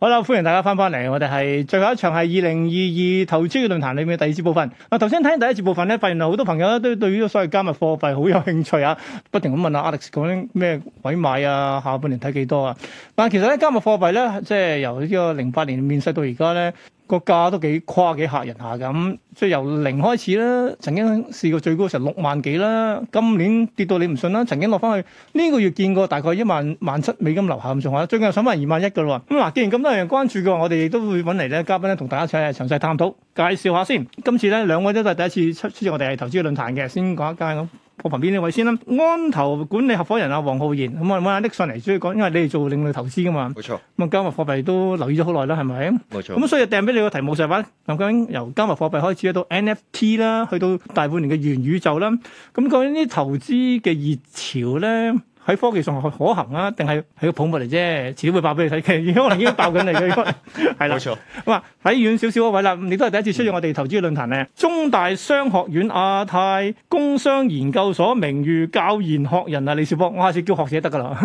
好啦，歡迎大家翻返嚟，我哋係最後一場係二零二二投資月論壇裏面嘅第二節部分。嗱，頭先睇第一節部分咧，發現好多朋友咧都對於所謂加密貨幣好有興趣啊，不停咁問啊 Alex 講咩鬼買啊，下半年睇幾多啊？但其實咧，加密貨幣咧，即係由呢個零八年面世到而家咧。個價都幾誇幾嚇人下㗎，咁即係由零開始啦。曾經試過最高成六萬幾啦，今年跌到你唔信啦。曾經落翻去呢、這個月見過大概一萬萬七美金樓下咁上下，最近又上翻二萬一㗎啦。咁、嗯、嗱，既然咁多人關注嘅話，我哋亦都會揾嚟咧，嘉賓咧同大家一齊詳細探討，介紹下先。今次咧，兩位都係第一次出出席我哋係投資論壇嘅，先講一間咁。我旁邊呢位先啦，安投管理合伙人阿王浩然。咁啊揾阿 Nick 上嚟主要講，因為你哋做另類投資噶嘛，冇錯錯。咁啊、嗯、加密貨幣都留意咗好耐啦，係咪冇錯。咁錯、嗯、所以訂俾你個題目就係話，究、嗯、竟由加密貨幣開始，到 NFT 啦，去到大半年嘅元宇宙啦，咁關於啲投資嘅熱潮咧。喺科技上可行啊？定係喺個泡沫嚟啫，遲啲會爆俾你睇。其實而家可能已經爆緊嚟嘅，係冇 的錯。咁啊，喺遠少少嗰位啦，你都係第一次出現我哋投資論壇咧。嗯、中大商學院亞太工商研究所名譽教研學人啊，李兆波。我下次叫學者得噶啦。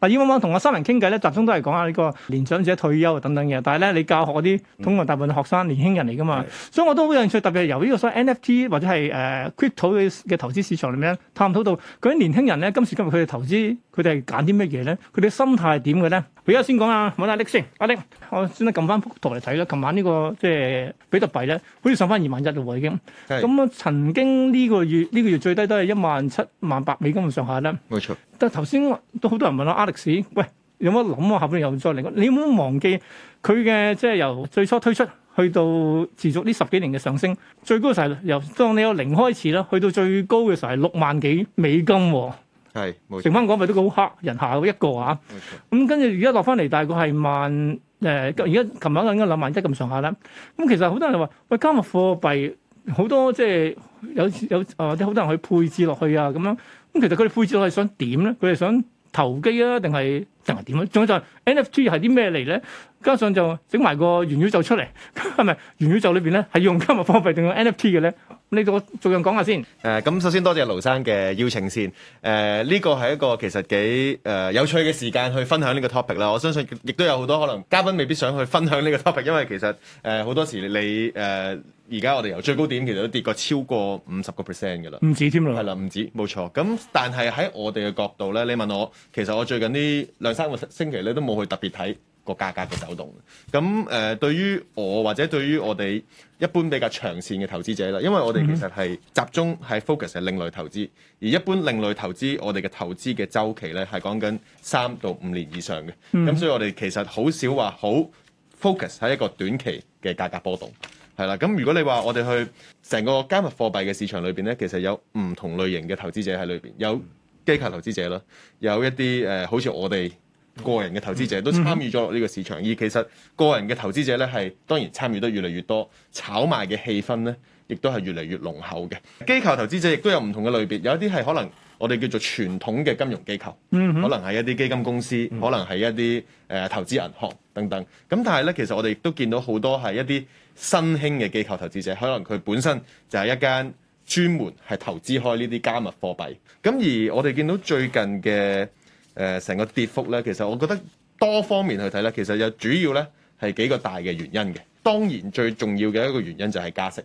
阿以往汪同阿三人傾偈咧，集中都係講下呢個年長者退休等等嘅。但係咧，你教學嗰啲，統共大部分學生、嗯、年輕人嚟噶嘛，嗯、所以我都好有興趣，特別係由呢個所謂 NFT 或者係誒、uh, crypto 嘅投資市，市場裡面，探討到嗰啲年輕人咧，今時今日。今佢哋投資，佢哋係揀啲咩嘢咧？佢哋心態係點嘅咧？俾家先講啊，冇下 Alex 先，Alex 我先得撳翻幅圖嚟睇啦。琴晚呢、這個即係、就是、比特幣咧，好似上翻二萬一啦喎，已經咁啊是、嗯。曾經呢個月呢、這個月最低都係一萬七萬八美金咁上下啦，冇錯。但係頭先都好多人問我 Alex，喂，有冇諗啊？後邊又再嚟，你有冇忘記佢嘅即係由最初推出去到持續呢十幾年嘅上升，最高時候由當你有零開始啦，去到最高嘅時候係六萬幾美金喎、哦。係，成番講咪都好黑人下一個啊！咁跟住而家落翻嚟，大概係萬誒，而家琴晚應該兩萬一咁上下啦。咁、嗯、其實好多人就話：喂，加密貨幣好多即係有有啊！啲、呃、好多人去配置落去啊，咁樣咁、嗯、其實佢哋配置落去想點咧？佢哋想投機啊，定係定係點咧？仲有就 NFT 係啲咩嚟咧？加上就整埋個元宇宙出嚟，係 咪元宇宙裏邊咧係用加密貨幣定用 NFT 嘅咧？你個逐樣講下先，誒咁。Uh, 首先多謝盧生嘅邀請先，誒。呢個係一個其實幾誒，uh, 有趣嘅時間去分享呢個 topic 啦。我相信亦都有好多可能嘉賓未必想去分享呢個 topic，因為其實誒好，uh, 多時你誒而家我哋由最高點其實都跌過超過五十個 percent 㗎啦，唔止添啦，係啦，唔止冇錯咁。但係喺我哋嘅角度咧，你問我其實我最近呢兩三個星期咧都冇去特別睇。個價格嘅走動，咁誒、呃、對於我或者對於我哋一般比較長線嘅投資者啦，因為我哋其實係集中係 focus 喺另類投資，而一般另類投資我哋嘅投資嘅周期咧係講緊三到五年以上嘅，咁、嗯、所以我哋其實好少話好 focus 喺一個短期嘅價格波動，係啦。咁如果你話我哋去成個加密貨幣嘅市場裏邊咧，其實有唔同類型嘅投資者喺裏邊，有機構投資者啦，有一啲誒、呃、好似我哋。個人嘅投資者都參與咗呢個市場，而其實個人嘅投資者呢，係當然參與得越嚟越多，炒賣嘅氣氛呢，亦都係越嚟越濃厚嘅。機構投資者亦都有唔同嘅類別，有一啲係可能我哋叫做傳統嘅金融機構，嗯、哼可能係一啲基金公司，可能係一啲誒、呃、投資銀行等等。咁但係呢，其實我哋亦都見到好多係一啲新興嘅機構投資者，可能佢本身就係一間專門係投資開呢啲加密貨幣。咁而我哋見到最近嘅。誒成、呃、個跌幅咧，其實我覺得多方面去睇咧，其實有主要咧係幾個大嘅原因嘅。當然最重要嘅一個原因就係加息。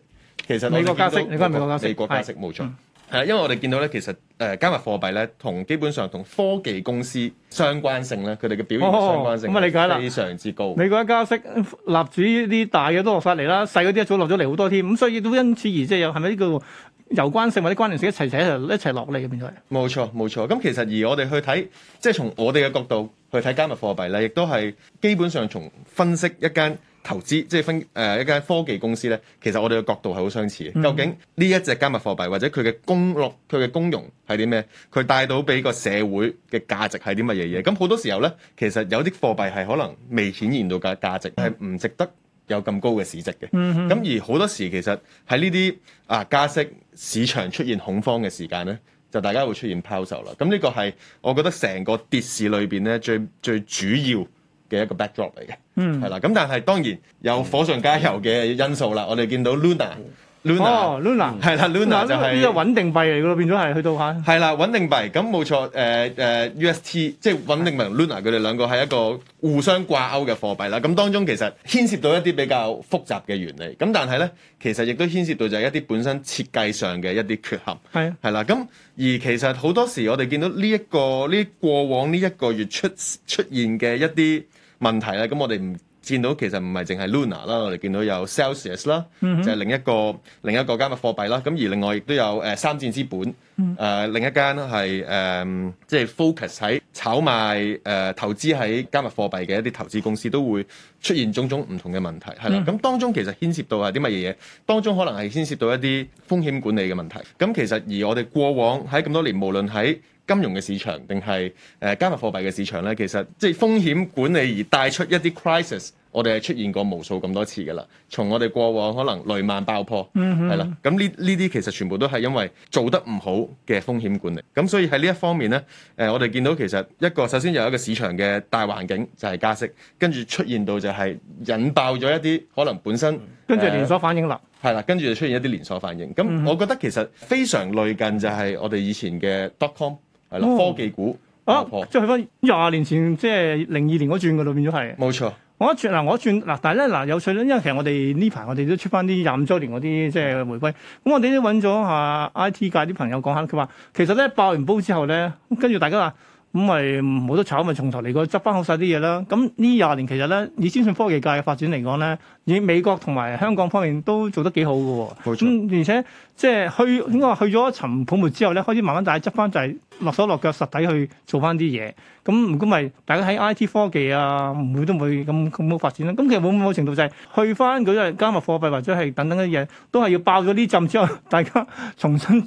其實、那個、美國加息，你講加息，美國加息冇錯。係啦，是嗯、因為我哋見到咧，其實誒、呃、加密貨幣咧，同基本上同科技公司相關性咧，佢哋嘅表現相關性咁、哦嗯、非常之高、嗯。美國一加息，立住呢啲大嘅都落翻嚟啦，細嗰啲一早落咗嚟好多添。咁所以都因此而即係有係咪呢個？是有關性或者關聯性一齊一齊一齊落嚟嘅變態，冇錯冇錯。咁其實而我哋去睇，即係從我哋嘅角度去睇加密貨幣咧，亦都係基本上從分析一間投資，即係分誒、呃、一間科技公司咧。其實我哋嘅角度係好相似嘅。究竟呢一隻加密貨幣或者佢嘅功落佢嘅功用係啲咩？佢帶到俾個社會嘅價值係啲乜嘢嘢？咁好多時候咧，其實有啲貨幣係可能未顯現到價價值，係唔值得有咁高嘅市值嘅。咁、嗯、哼而好多時其實喺呢啲啊加息。市場出現恐慌嘅時間呢，就大家會出現拋售啦。咁、嗯、呢個係我覺得成個跌市裏邊呢最最主要嘅一個 backdrop 嚟嘅，係啦、嗯。咁但係當然有火上加油嘅因素啦。嗯、我哋見到 Luna。嗯 Luna，Luna 係啦，Luna 就係嗱，呢啲就穩定幣嚟嘅咯，變咗係去到嚇係啦，穩定幣咁冇錯誒誒、呃呃、UST 即係穩定幣同 Luna 佢哋兩個係一個互相掛鈎嘅貨幣啦。咁當中其實牽涉到一啲比較複雜嘅原理，咁但係咧其實亦都牽涉到就係一啲本身設計上嘅一啲缺陷係係啦。咁的而其實好多時我哋見到呢、這、一個呢、這個、過往呢一個月出出現嘅一啲問題咧，咁我哋唔見到其實唔係淨係 Luna 啦，我哋見到有 Celsius 啦，就係另一個另一個加密貨幣啦。咁而另外亦都有誒三箭資本，誒、呃、另一間係誒即、呃、係、就是、focus 喺炒賣誒、呃、投資喺加密貨幣嘅一啲投資公司都會出現種種唔同嘅問題，係啦。咁當中其實牽涉到係啲乜嘢嘢？當中可能係牽涉到一啲風險管理嘅問題。咁其實而我哋過往喺咁多年，無論喺金融嘅市場定係誒加密貨幣嘅市場呢？其實即係風險管理而帶出一啲 crisis，我哋係出現過無數咁多次㗎啦。從我哋過往可能雷曼爆破，係啦、嗯哼，咁呢呢啲其實全部都係因為做得唔好嘅風險管理。咁所以喺呢一方面呢，誒、呃、我哋見到其實一個首先有一個市場嘅大環境就係加息，跟住出現到就係引爆咗一啲可能本身、嗯哼呃、跟住連鎖反應啦，係啦，跟住就出現一啲連鎖反應。咁我覺得其實非常類近就係我哋以前嘅 dotcom。係科技股，oh, 婆啊，即係翻廿年前，即係零二年嗰轉嗰度，變咗係。冇錯，我一轉，我一轉嗱，我一轉嗱，但係咧嗱，有趣咧，因為其實我哋呢排我哋都出翻啲廿五周年嗰啲即係回歸，咁我哋都揾咗下 I T 界啲朋友講下，佢話其實咧爆完煲之後咧，跟住大家話。咁咪冇得炒，咪從頭嚟過執翻好晒啲嘢啦。咁呢廿年其實咧，以先進科技界嘅發展嚟講咧，以美國同埋香港方面都做得幾好嘅。冇錯而且即係去點講啊？應該去咗一層泡沫之後咧，開始慢慢大家執翻就係、是、落手落腳實體去做翻啲嘢。咁唔咁咪大家喺 I T 科技啊，唔會都唔會咁咁好發展啦。咁其實會唔會程度就係、是、去翻嗰啲加密貨幣或者係等等嘅嘢，都係要爆咗呢浸之後，大家重新。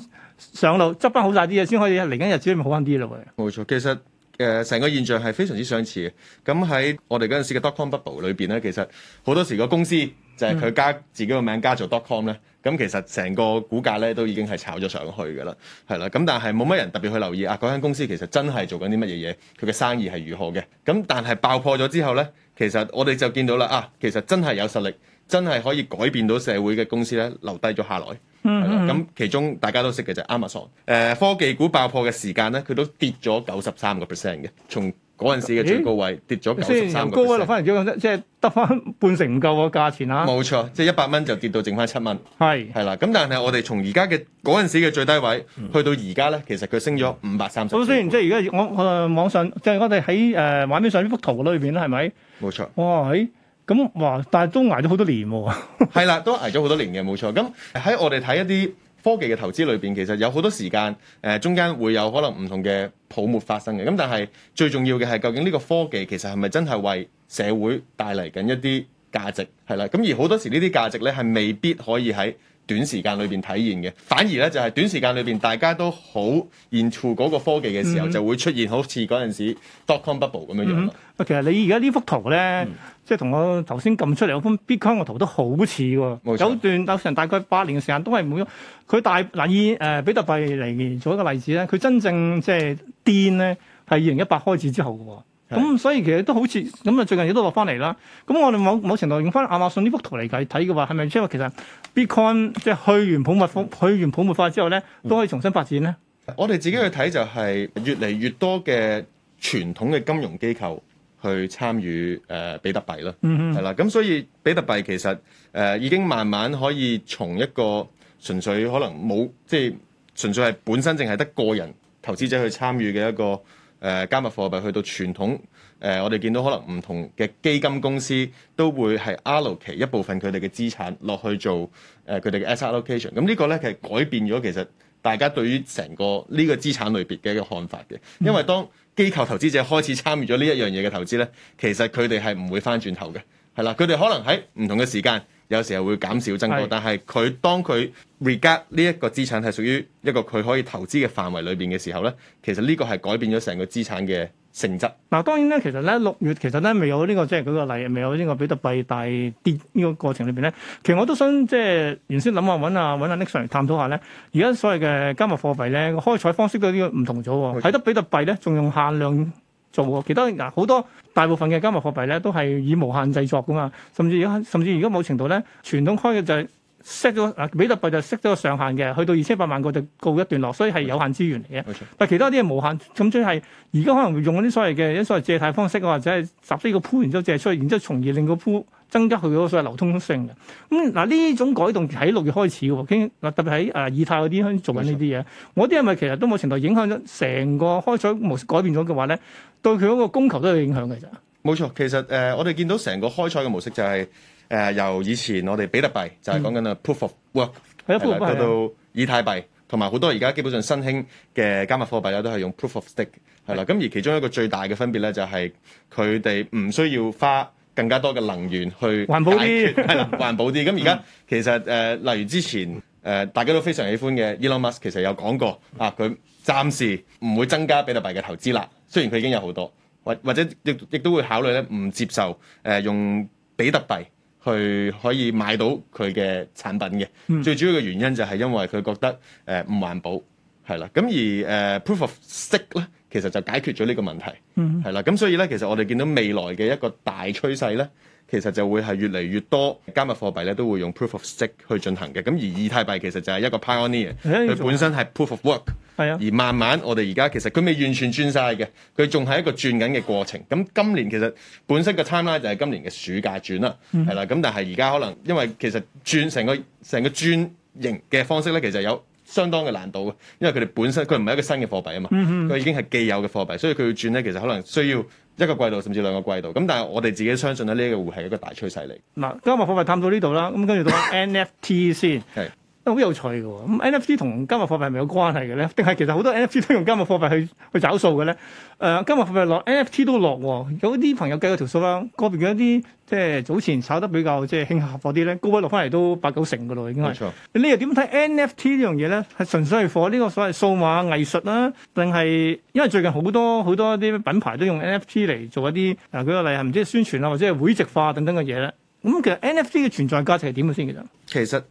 上路執翻好晒啲嘢，先可以嚟緊日子裏好翻啲咯喎。冇錯，其實誒成、呃、個現象係非常之相似嘅。咁喺我哋嗰陣時嘅 dotcom bubble 裏邊咧，其實好多時個公司就係佢加自己個名加做 dotcom 咧。咁其實成個股價咧都已經係炒咗上去㗎啦，係啦。咁但係冇乜人特別去留意啊，嗰間公司其實真係做緊啲乜嘢嘢，佢嘅生意係如何嘅。咁、啊、但係爆破咗之後咧，其實我哋就見到啦啊，其實真係有實力。真係可以改變到社會嘅公司咧，留低咗下來。咁、嗯、其中大家都識嘅就係 Amazon。誒科技股爆破嘅時間咧，佢都跌咗九十三個 percent 嘅，從嗰陣時嘅最高位咦跌咗九十三個 percent。翻嚟只即係得翻半成唔夠個價錢啊！冇錯，即係一百蚊就跌到剩翻七蚊。係係啦，咁但係我哋從而家嘅嗰陣時嘅最低位、嗯、去到而家咧，其實佢升咗五百三十。咁雖然即係而家我誒、呃、網上即係我哋喺誒畫面上呢幅圖裏邊咧，係咪？冇錯。哇喺～咁、嗯、哇！但係都捱咗好多年喎、哦，係 啦，都捱咗好多年嘅，冇錯。咁喺我哋睇一啲科技嘅投資裏邊，其實有好多時間誒、呃，中間會有可能唔同嘅泡沫發生嘅。咁但係最重要嘅係，究竟呢個科技其實係咪真係為社會帶嚟緊一啲價值？係啦，咁而好多時呢啲價值咧係未必可以喺短時間裏邊體現嘅，反而咧就係短時間裏邊大家都好 into 嗰個科技嘅時候，就會出現好似嗰陣時 dotcom bubble 咁樣樣咯、嗯嗯。其實你而家呢幅圖咧，嗯、即係同我頭先撳出嚟嗰幅 bitcoin 嘅圖都好似喎。錯有段有成大概八年嘅時間都係冇咗。佢大嗱以誒、呃、比特幣嚟做一個例子咧，佢真正即係癲咧係二零一八開始之後嘅。咁、 嗯、所以其實都好似咁啊！最近亦都落翻嚟啦。咁我哋某某程度用翻亞馬遜呢幅圖嚟睇睇嘅話，係咪即係話其實 Bitcoin 即係去完泡沫化、去完泡沫化之後咧，都可以重新發展咧？ 我哋自己去睇就係越嚟越多嘅傳統嘅金融機構去參與誒、呃、比特幣咯，係啦。咁所以比特幣其實誒、呃、已經慢慢可以從一個純粹可能冇即係純粹係本身淨係得個人投資者去參與嘅一個。誒、呃、加密貨幣去到傳統誒、呃，我哋見到可能唔同嘅基金公司都會係 allocate 一部分佢哋嘅資產落去做誒佢哋嘅 asset allocation。咁、呃 all 嗯這個、呢個咧其實改變咗其實大家對於成個呢個資產類別嘅一個看法嘅，因為當機構投資者開始參與咗呢一樣嘢嘅投資咧，其實佢哋係唔會返轉頭嘅，係啦，佢哋可能喺唔同嘅時間。有時候會減少增多，的但係佢當佢 regard 呢一個資產係屬於一個佢可以投資嘅範圍裏邊嘅時候咧，其實呢個係改變咗成個資產嘅性質。嗱，當然咧，其實咧六月其實咧未有呢、這個即係舉個例，未有呢個比特幣大跌呢個過程裏邊咧，其實我都想即係原先諗下揾啊揾啊拎上嚟探討下咧。而家所謂嘅加密貨幣咧，開採方式都呢個唔同咗喎。睇得的比特幣咧，仲用限量。做其他嗱好多大部分嘅加密貨幣咧都係以無限製作噶嘛，甚至而家甚至而家某程度咧傳統開嘅就係 set 咗嗱比特幣就 set 咗個上限嘅，去到二千八萬個就告一段落，所以係有限資源嚟嘅。冇錯，但其他啲係無限，咁即係而家可能會用嗰啲所謂嘅一所謂借貸方式或者係集資個,個鋪，然之後借出去，然之後從而令個鋪。增加佢嗰個所謂流通性嘅，咁嗱呢種改動喺六月開始嘅，兼特別喺啊以太嗰啲錯做緊呢啲嘢，我啲係咪其實都冇程度影響咗成個開採模式改變咗嘅話咧，對佢嗰個供求都有影響嘅啫。冇錯，其實誒、呃，我哋見到成個開採嘅模式就係、是、誒、呃、由以前我哋比特幣就係、是、講緊啊 proof of work，係啊，比特幣到以太幣，同埋好多而家基本上新興嘅加密貨幣咧都係用 proof of stake 係啦，咁的而其中一個最大嘅分別咧就係佢哋唔需要花更加多嘅能源去環保啲，係啦，環保啲。咁而家其實誒、呃，例如之前誒、呃，大家都非常喜歡嘅 Elon Musk 其實有講過啊，佢暫時唔會增加比特幣嘅投資啦。雖然佢已經有好多，或或者亦亦都會考慮咧，唔接受誒、呃、用比特幣去可以買到佢嘅產品嘅。嗯、最主要嘅原因就係因為佢覺得誒唔、呃、環保係啦。咁而誒、呃、Proof of Stake 咧。其實就解決咗呢個問題，係啦、mm，咁、hmm. 所以咧，其實我哋見到未來嘅一個大趨勢咧，其實就會係越嚟越多加密貨幣咧都會用 proof of stake 去進行嘅。咁而以太幣其實就係一個 pioneer，佢、哎、呀本身係 proof of work，係啊、哎呀。而慢慢我哋而家其實佢未完全轉晒嘅，佢仲係一個轉緊嘅過程。咁今年其實本身嘅 timeline 就係今年嘅暑假轉啦，係啦、mm。咁、hmm. 但係而家可能因為其實轉成個成個轉型嘅方式咧，其實有相當嘅難度嘅，因為佢哋本身佢唔係一個新嘅貨幣啊嘛，佢已經係既有嘅貨幣，所以佢要轉咧，其實可能需要一個季度甚至兩個季度。咁但係我哋自己相信咧，呢一個會係一個大趨勢嚟。嗱、嗯，今日貨幣探到呢度啦，咁跟住到 NFT 先。係。啊，好有趣嘅喎！咁 NFT 同加密貨幣係咪有關係嘅咧？定係其實好多 NFT 都用加密貨幣去去找數嘅咧？誒、呃，加密貨幣落，NFT 都落喎。有啲朋友計過條數啦，個邊嘅一啲即係早前炒得比較即係興合火啲咧，高位落翻嚟都八九成嘅咯，已經係。冇錯你又點睇 NFT 呢樣嘢咧？係純粹係 for 呢個所謂數碼藝術啦，定係因為最近好多好多啲品牌都用 NFT 嚟做一啲嗱，舉、呃、個例係唔知係宣傳啊，或者係會籍化等等嘅嘢咧。咁、嗯、其實 NFT 嘅存在價值係點嘅先其實？其實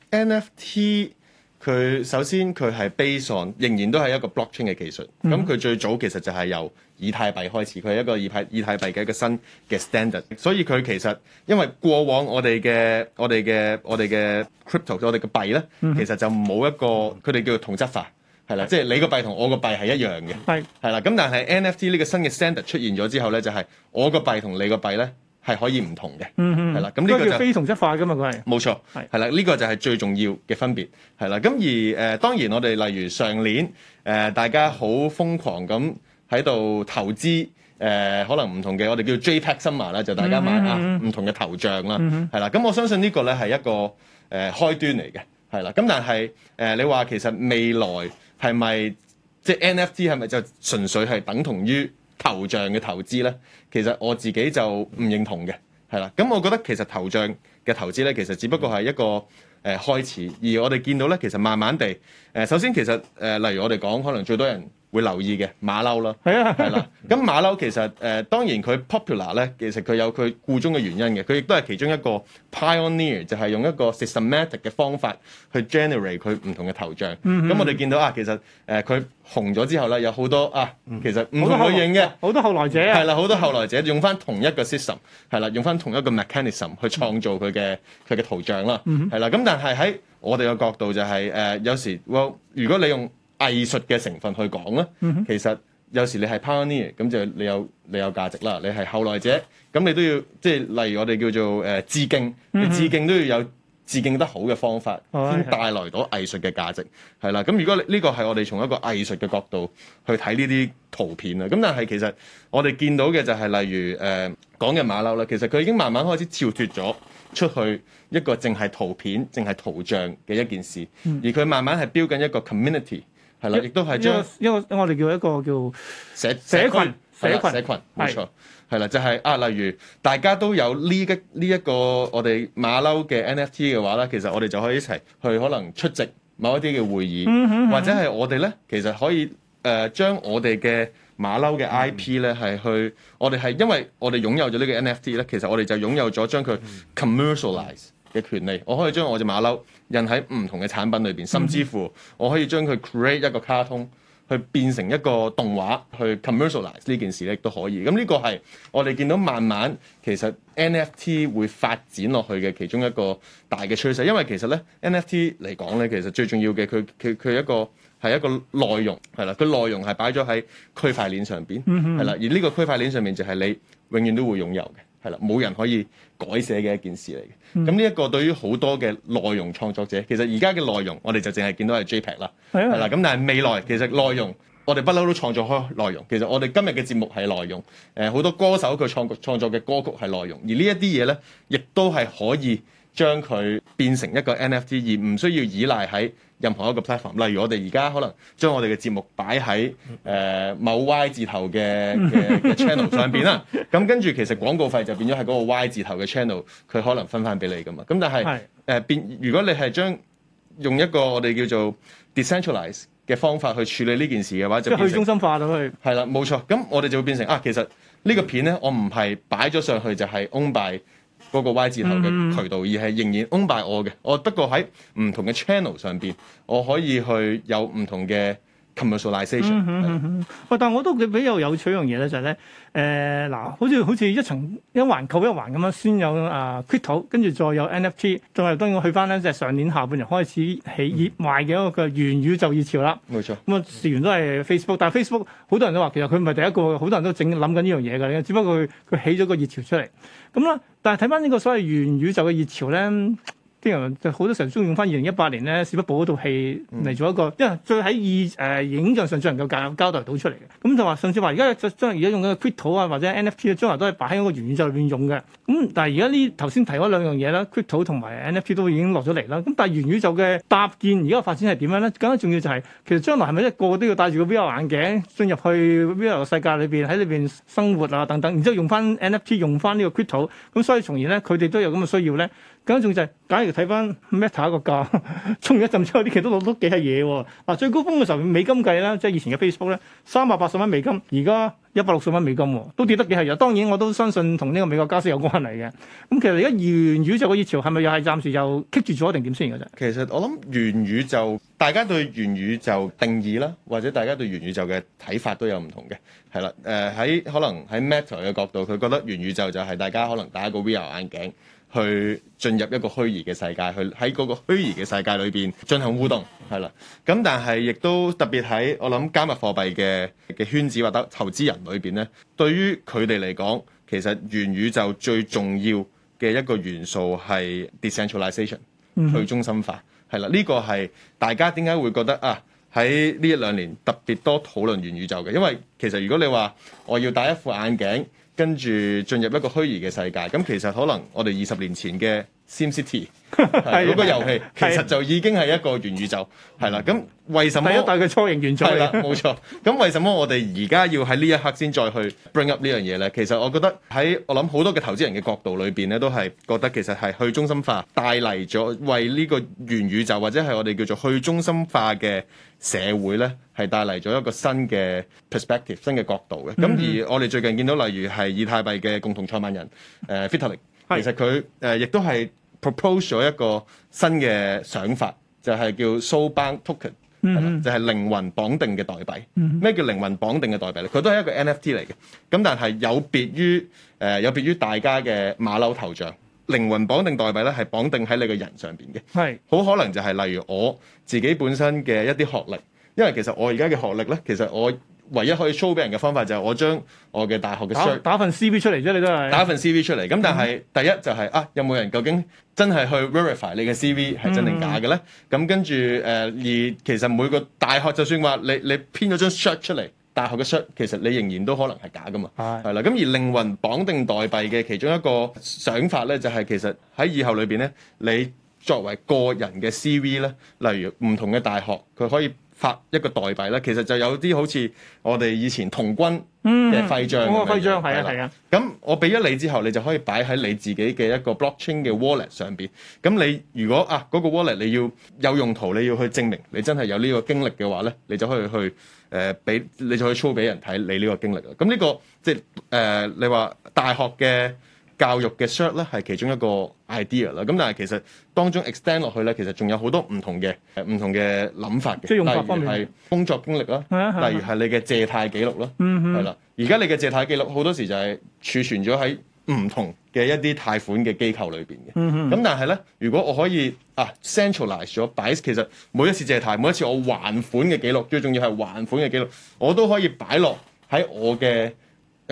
NFT 佢首先佢係 base on 仍然都係一個 blockchain 嘅技術。咁佢、mm hmm. 最早其實就係由以太幣開始，佢係一個以太以太幣嘅一個新嘅 standard。所以佢其實因為過往我哋嘅我哋嘅我哋嘅 crypto，我哋嘅幣咧，mm hmm. 其實就冇一個佢哋叫做同質化，係啦，mm hmm. 即係你個幣同我個幣係一樣嘅。係係啦，咁、hmm. 但係 NFT 呢個新嘅 standard 出現咗之後咧，就係、是、我個幣同你個幣咧，係可以唔同嘅，係啦、嗯嗯，咁呢個就係、叫非同質化嘅嘛，佢係冇錯，係啦的，呢、這個就係最重要嘅分別，係啦，咁而誒、呃、當然我哋例如上年誒、呃、大家好瘋狂咁喺度投資誒、呃、可能唔同嘅我哋叫 JPEG Summer 啦，就大家買嗯嗯嗯嗯嗯啊唔同嘅頭像啦，係啦、嗯嗯嗯，咁我相信呢個咧係一個誒、呃、開端嚟嘅，係啦，咁但係誒、呃、你話其實未來係咪即係 NFT 係咪就純粹係等同於？頭像嘅投資咧，其實我自己就唔認同嘅，係啦。咁我覺得其實頭像嘅投資咧，其實只不過係一個誒、呃、開始，而我哋見到咧，其實慢慢地誒、呃，首先其實誒、呃，例如我哋講，可能最多人會留意嘅馬騮啦，係啊，係啦。咁馬騮其實誒、呃、當然佢 popular 咧，其實佢有佢箇中嘅原因嘅。佢亦都係其中一個 pioneer，就係用一個 systematic 嘅方法去 generate 佢唔同嘅頭像。咁、嗯、哼我哋見到啊，其實誒佢、呃、紅咗之後咧，有好多啊，其實唔同類型嘅，好、嗯、多後來者啊，係啦，好多後來者用翻同一個 system，係啦，用翻同一個 mechanism 去創造佢嘅佢嘅頭像啦，係啦。咁但係喺我哋嘅角度就係、是、誒、呃，有時、呃、如果你用藝術嘅成分去講啦，嗯、哼其實有時你係 pioneer，咁就你有你有價值啦。你係後來者，咁你都要即係例如我哋叫做誒、呃、致敬，嗯、哼你致敬都要有致敬得好嘅方法，先、哦、帶來到藝術嘅價值，係啦的。咁如果呢個係我哋從一個藝術嘅角度去睇呢啲圖片啊，咁但係其實我哋見到嘅就係例如誒講嘅馬騮啦，其實佢已經慢慢開始跳脱咗出去一個淨係圖片、淨係圖像嘅一件事，嗯、而佢慢慢係標緊一個 community。係啦，亦都係將一個，一個，我哋叫一個叫社社羣，社群，社群。冇錯，係啦的，就係、係、啊，例如大家都有呢一呢一個我哋馬騮嘅 NFT 嘅話咧，其實我哋就可以一齊去可能出席某一啲嘅會議，嗯、哼哼哼或者係我哋咧，其實可以誒、呃、將我哋嘅馬騮嘅 IP 咧係、嗯、去，我哋係因為我哋擁有咗呢個 NFT 咧，其實我哋就擁有咗將佢 commercialize。嘅權利，我可以將我隻馬騮印喺唔同嘅產品裏邊，甚至乎我可以將佢 create 一個卡通，去變成一個動畫去 commercialize 呢件事咧，都可以。咁，嗯，呢個係我哋見到慢慢其實 NFT 會發展落去嘅其中一個大嘅趨勢，因為其實咧 NFT 嚟講咧，其實最重要嘅佢佢佢一個係一個內容係啦，佢內容係擺咗喺區塊鏈上邊係啦，而呢個區塊鏈上面就係你永遠都會擁有嘅。係啦，冇人可以改寫嘅一件事嚟嘅。咁呢一個對於好多嘅內容創作者，其實而家嘅內容，我哋就淨係見到係 JPEG 啦。係啦。係啦。咁但係未來，其實內容、嗯、我哋不嬲都創作開內容。其實我哋今日嘅節目係內容。誒，好多歌手佢創創作嘅歌曲係內容。而呢一啲嘢咧，亦都係可以將佢變成一個 NFT，而唔需要依賴喺任何一個 platform，例如我哋而家可能將我哋嘅節目擺喺誒某 Y 字頭嘅嘅 channel 上邊啦，咁 跟住其實廣告費就變咗係嗰個 Y 字頭嘅 channel，佢可能分翻俾你噶嘛。咁但係誒是、呃、變，如果你係將用一個我哋叫做 decentralize 嘅方法去處理呢件事嘅話，就，就去中心化咗去。係啦，冇錯。咁我哋就會變成啊，其實個呢個片咧，我唔係擺咗上去就係 own by 嗰個 Y 字頭嘅渠道，而係仍然 own by 我嘅，我得過喺唔同嘅 channel 上邊，我可以去有唔同嘅。commercialisation 喂，但我都比比較有趣一樣嘢咧、就是，就係咧，誒嗱，好似好似一層一環扣一環咁樣，先有啊 Crypto，跟住再有 NFT，仲係當然我去翻咧，就係、是、上年下半年開始起熱賣嘅一個嘅元宇宙熱潮啦。冇錯、嗯嗯，咁啊，事源都係 Facebook，但係 Facebook 好多人都話其實佢唔係第一個，好多人都整諗緊呢樣嘢㗎，只不過佢佢起咗個熱潮出嚟。咁、嗯、啦，但係睇翻呢個所謂元宇宙嘅熱潮咧。啲人就好多成日都用翻二零一八年咧《小不補》嗰套戲嚟做一個，嗯、因為最喺二誒影像上最能夠交交代到出嚟嘅。咁就話上次話而家將而家用緊個 Crypto 啊或者 NFT 啊，將來,、啊、FT, 將來都係擺喺個元宇宙入邊用嘅。咁、嗯、但係而家呢頭先提嗰兩樣嘢啦 Crypto 同埋 NFT 都已經落咗嚟啦。咁但係元宇宙嘅搭建而家發展係點樣咧？更加重要就係其實將來係咪一個個都要戴住個 VR 眼鏡進入去 VR 世界裏邊喺裏邊生活啊等等，然之後用翻 NFT 用翻呢個 Crypto 咁，所以從而咧佢哋都有咁嘅需要咧。咁仲就係，假如睇翻 Meta 個價，衝一陣之後啲其實都攞到幾係嘢喎。最高峰嘅時候美金計啦，即係以前嘅 Facebook 咧，三百八十蚊美金，而家一百六十蚊美金喎，都跌得幾係嘅。當然我都相信同呢個美國加息有關嚟嘅。咁其實而家元宇宙嘅熱潮係咪又係暫時又棘住咗定點先嘅啫？其實我諗元宇宙，大家對元宇宙定義啦，或者大家對元宇宙嘅睇法都有唔同嘅。係啦，誒、呃、喺可能喺 Meta 嘅角度，佢覺得元宇宙就係大家可能戴一個 VR 眼鏡。去進入一個虛擬嘅世界，去喺嗰個虛擬嘅世界裏邊進行互動，係啦。咁但係亦都特別喺我諗加密貨幣嘅嘅圈子或者投資人裏邊咧，對於佢哋嚟講，其實元宇宙最重要嘅一個元素係 decentralization 去中心化，係啦。呢個係大家點解會覺得啊，喺呢一兩年特別多討論元宇宙嘅，因為其實如果你話我要戴一副眼鏡。跟住進入一個虛擬嘅世界，咁其實可能我哋二十年前嘅。SimCity 係嗰個遊戲，其實就已經係一個元宇宙，係啦的。咁、嗯、為什麼？第一代嘅初型元宇宙係啦，冇 錯。咁為什麼我哋而家要喺呢一刻先再去 bring up 呢樣嘢咧？其實我覺得喺我諗好多嘅投資人嘅角度裏邊咧，都係覺得其實係去中心化帶嚟咗為呢個元宇宙或者係我哋叫做去中心化嘅社會咧，係帶嚟咗一個新嘅 perspective、新嘅角度嘅。咁、嗯嗯、而我哋最近見到例如係以太幣嘅共同創辦人誒 Vitalik，、呃、 其實佢誒亦都係。proposed 咗一個新嘅想法，就係、是、叫 Souban Token，、mm hmm. 就係、是、靈魂綁定嘅代幣。咩、mm hmm. 叫靈魂綁定嘅代幣咧？佢都係一個 NFT 嚟嘅，咁但係有別於誒、呃、有別於大家嘅馬騮頭像，靈魂綁定代幣咧係綁定喺你個人上邊嘅。係是，好可能就係例如我自己本身嘅一啲學歷，因為其實我而家嘅學歷咧，其實我。唯一可以 show 俾人嘅方法就係我將我嘅大學嘅 shut 打，打份 CV 出嚟啫，你都係打份 CV 出嚟。咁但係、嗯、第一就係、是、啊，有冇人究竟真係去 verify 你嘅 CV 係真定、嗯、假嘅咧？咁跟住誒、呃，而其實每個大學就算話你你編咗張 shut 出嚟，大學嘅 shut 其實你仍然都可能係假噶嘛。係啦的。咁而靈魂綁定代幣嘅其中一個想法咧，就係、是、其實喺以後裏邊咧，你作為個人嘅 CV 咧，例如唔同嘅大學佢可以。發一個代幣咧，其實就有啲好似我哋以前童軍嘅徽章、嗯，嗰個徽章係啊係啊。咁了我俾咗你之後，你就可以擺喺你自己嘅一個 blockchain 嘅 wallet 上邊。咁你如果啊嗰、嗰個 wallet 你要有用途，你要去證明你真係有呢個經歷嘅話咧，你就可以去誒俾、呃，你就可以 show 俾人睇你呢個經歷啦。咁呢、呢個即係誒、呃、你話大學嘅教育嘅 shirt 咧係其中一個 idea 啦，咁但係其實當中 extend 落去咧，其實仲有好多唔同嘅、唔同嘅諗法嘅。即係例如係工作經歷啦，啊啊，例如係你嘅借貸記錄啦，係啦、嗯哼。而家你嘅借貸記錄好多時就係儲存咗喺唔同嘅一啲貸款嘅機構裏邊嘅。咁、嗯、哼但係咧，如果我可以啊 centralize 咗，擺其實每一次借貸，每一次我還款嘅記錄，最重要係還款嘅記錄，我都可以擺落喺我嘅。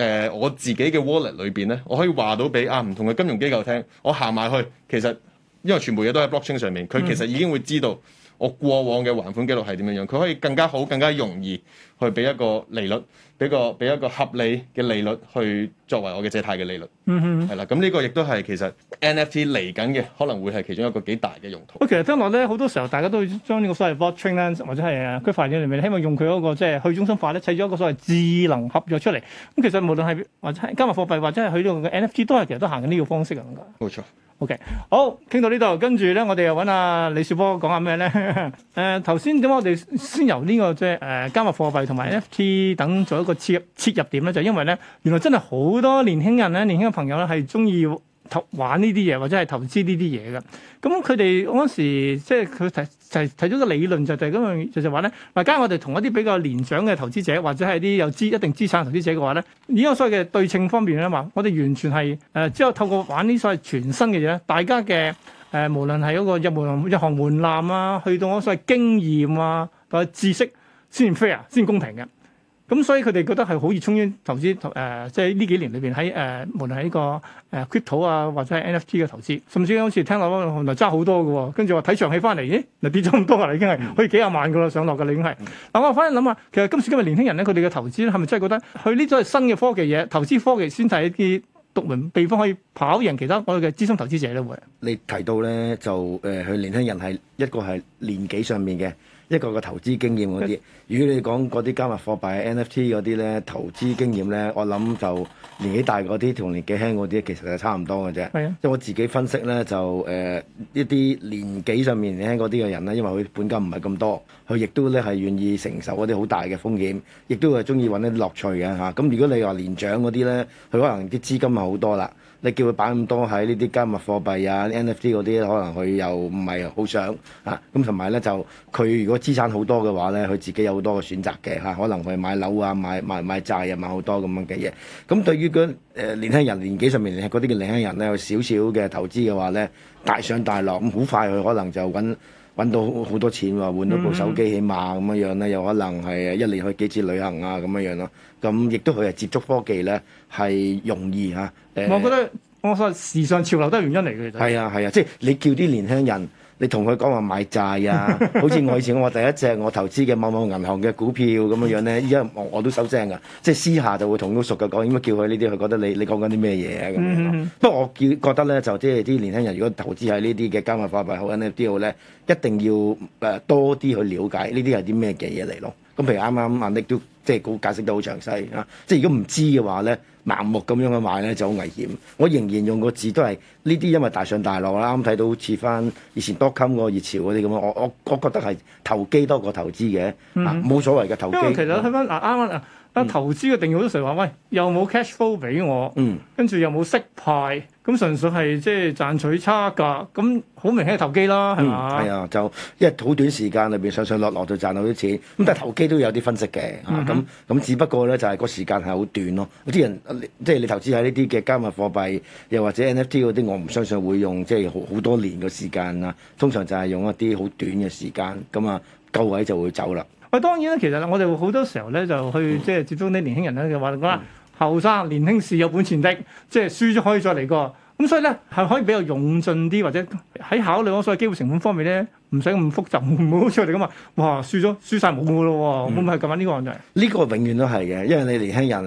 誒、呃、我自己嘅 wallet 裏邊咧，我可以話到俾啊唔同嘅金融機構聽，我行埋去，其實因為全部嘢都喺 blockchain 上面，佢其實已經會知道我過往嘅還款記錄係點樣樣，佢可以更加好、更加容易，去俾一個利率，俾個俾一個合理嘅利率去作為我嘅借貸嘅利率，嗯哼、mm，係、hmm. 啦，咁，這、呢個亦都係其實 NFT 嚟緊嘅，可能會係其中一個幾大嘅用途。咁其實聽落咧，好多時候大家都將呢個所謂 Blockchain 或者係啊區塊鏈裏面，希望用佢嗰、那個即係、就是、去中心化咧，砌咗一個所謂智能合約出嚟。咁其實無論係或者加密貨幣或者係去到個 NFT，都係其實都行緊呢個方式啊，冇錯。錯 OK，好，傾到呢度，跟住咧我哋又揾阿、啊、李兆波講下咩咧？誒頭先點解我哋先由呢、這個即係誒加密貨幣？同埋 NFT 等做一個切入切入點咧，就因為咧，原來真係好多年輕人咧，年輕嘅朋友咧，係中意投玩呢啲嘢或者係投資呢啲嘢嘅。咁佢哋嗰陣時即係佢提提提出個理論就係咁樣，就係話咧，嗱，假如我哋同一啲比較年長嘅投資者或者係啲有資一定資產投資者嘅話咧，呢個所謂嘅對稱方面咧話，我哋完全係誒、呃，只有透過玩呢所謂全新嘅嘢咧，大家嘅誒、呃，無論係嗰個入門入行門檻啊，去到我所謂經驗啊或者知識。先 fair 先公平嘅，咁、嗯、所以佢哋覺得係好熱衷於投資，誒、呃，即係呢幾年裏邊喺誒，無論喺、這個誒 Crypto 啊，呃、或者係 NFT 嘅投資，甚至好似聽落嗰度，原來揸好多嘅喎，跟住話睇長期翻嚟，咦，跌咗咁多啦，已經係可以幾廿萬噶啦，上落嘅啦已經係。嗱，我反而諗下，其實今時今日年輕人咧，佢哋嘅投資咧，係咪真係覺得去呢種新嘅科技嘢投資科技先睇啲獨門秘方可以跑贏其他我哋嘅資深投資者咧？會你提到咧，就誒，佢、呃、年輕人係一個係年紀上面嘅。一個個投資經驗嗰啲，如果你講嗰啲加密貨幣 NFT 嗰啲咧，投資經驗咧，我諗就年紀大嗰啲同年紀輕嗰啲其實就差唔多嘅啫。係啊，即係我自己分析咧，就誒、呃、一啲年紀上面年輕嗰啲嘅人咧，因為佢本金唔係咁多，佢亦都咧係願意承受嗰啲好大嘅風險，亦都係中意揾啲樂趣嘅嚇。咁如果你話年長嗰啲咧，佢可能啲資金係好多啦。你叫佢擺咁多喺呢啲加密貨幣啊、NFT 嗰啲，可能佢又唔係好想嚇。咁同埋咧就佢如果資產好多嘅話咧，佢自己有好多嘅選擇嘅嚇、啊。可能佢買樓啊、買買買債啊、買好多咁樣嘅嘢。咁對於嗰年輕人年紀上面年啲嘅年輕人咧，有少少嘅投資嘅話咧，大上大落咁好快，佢可能就揾。揾到好多錢話換到部手機，起碼咁、嗯、樣樣咧，有可能係一年去幾次旅行啊，咁樣樣咯。咁亦都佢係接觸科技咧，係容易嚇。我覺得、呃、我話時尚潮流都係原因嚟嘅。係啊係啊，啊，即係你叫啲年輕人。你同佢講話買債啊， 好似我以前我第一隻我投資嘅某，某某銀行嘅股票咁樣樣咧，依家我我都收聲噶，即係私下就會同個熟嘅講，點解叫佢呢啲？佢覺得你你講緊啲咩嘢啊咁樣。 不過我叫覺得咧，就即係啲年輕人如果投資喺呢啲嘅加密貨幣或者 NFT 咧，一定要誒多啲去了解呢啲係啲咩嘅嘢嚟咯。咁譬如啱啱阿 Nick 都即係講解釋得好詳細啊，即係如果唔知嘅話咧。盲目咁樣去買咧就好危險。我仍然用個字都係呢啲，因為大上大落啦。啱啱睇到好似翻以前 dot com 個熱潮嗰啲咁啊，我我我覺得係投機多過投資嘅，冇、嗯啊、所謂嘅投機。其實睇翻嗱啱啊。剛剛但、嗯、投資嘅定義好多時話，喂，又冇 cash flow 俾我，跟住、嗯、又冇息派，咁純粹係即係賺取差價，咁好明顯係投機啦，係嘛？係啊、嗯，就因為好短時間裏邊上上落落就賺到啲錢，咁但係投機都有啲分析嘅，咁咁、嗯哼啊、只不過咧就係、是、個時間係好短咯。有啲人即係你、就是、你投資喺呢啲嘅加密貨幣，又或者 NFT 嗰啲，我唔相信會用即係好好多年嘅時間啊。通常就係用一啲好短嘅時間，咁啊夠位就會走啦。喂，當然啦，其實我哋好多時候咧就去即係接觸啲年輕人咧，就話覺得後生年輕時有本錢的，即係輸咗可以再嚟過。咁所以咧係可以比較勇進啲，或者喺考慮所謂機會成本方面咧，唔使咁複雜，唔 好出嚟咁話，哇，輸咗輸晒冇噶咯喎，咁係唔係咁啊？呢、嗯、個問題呢個永遠都係嘅，因為你年輕人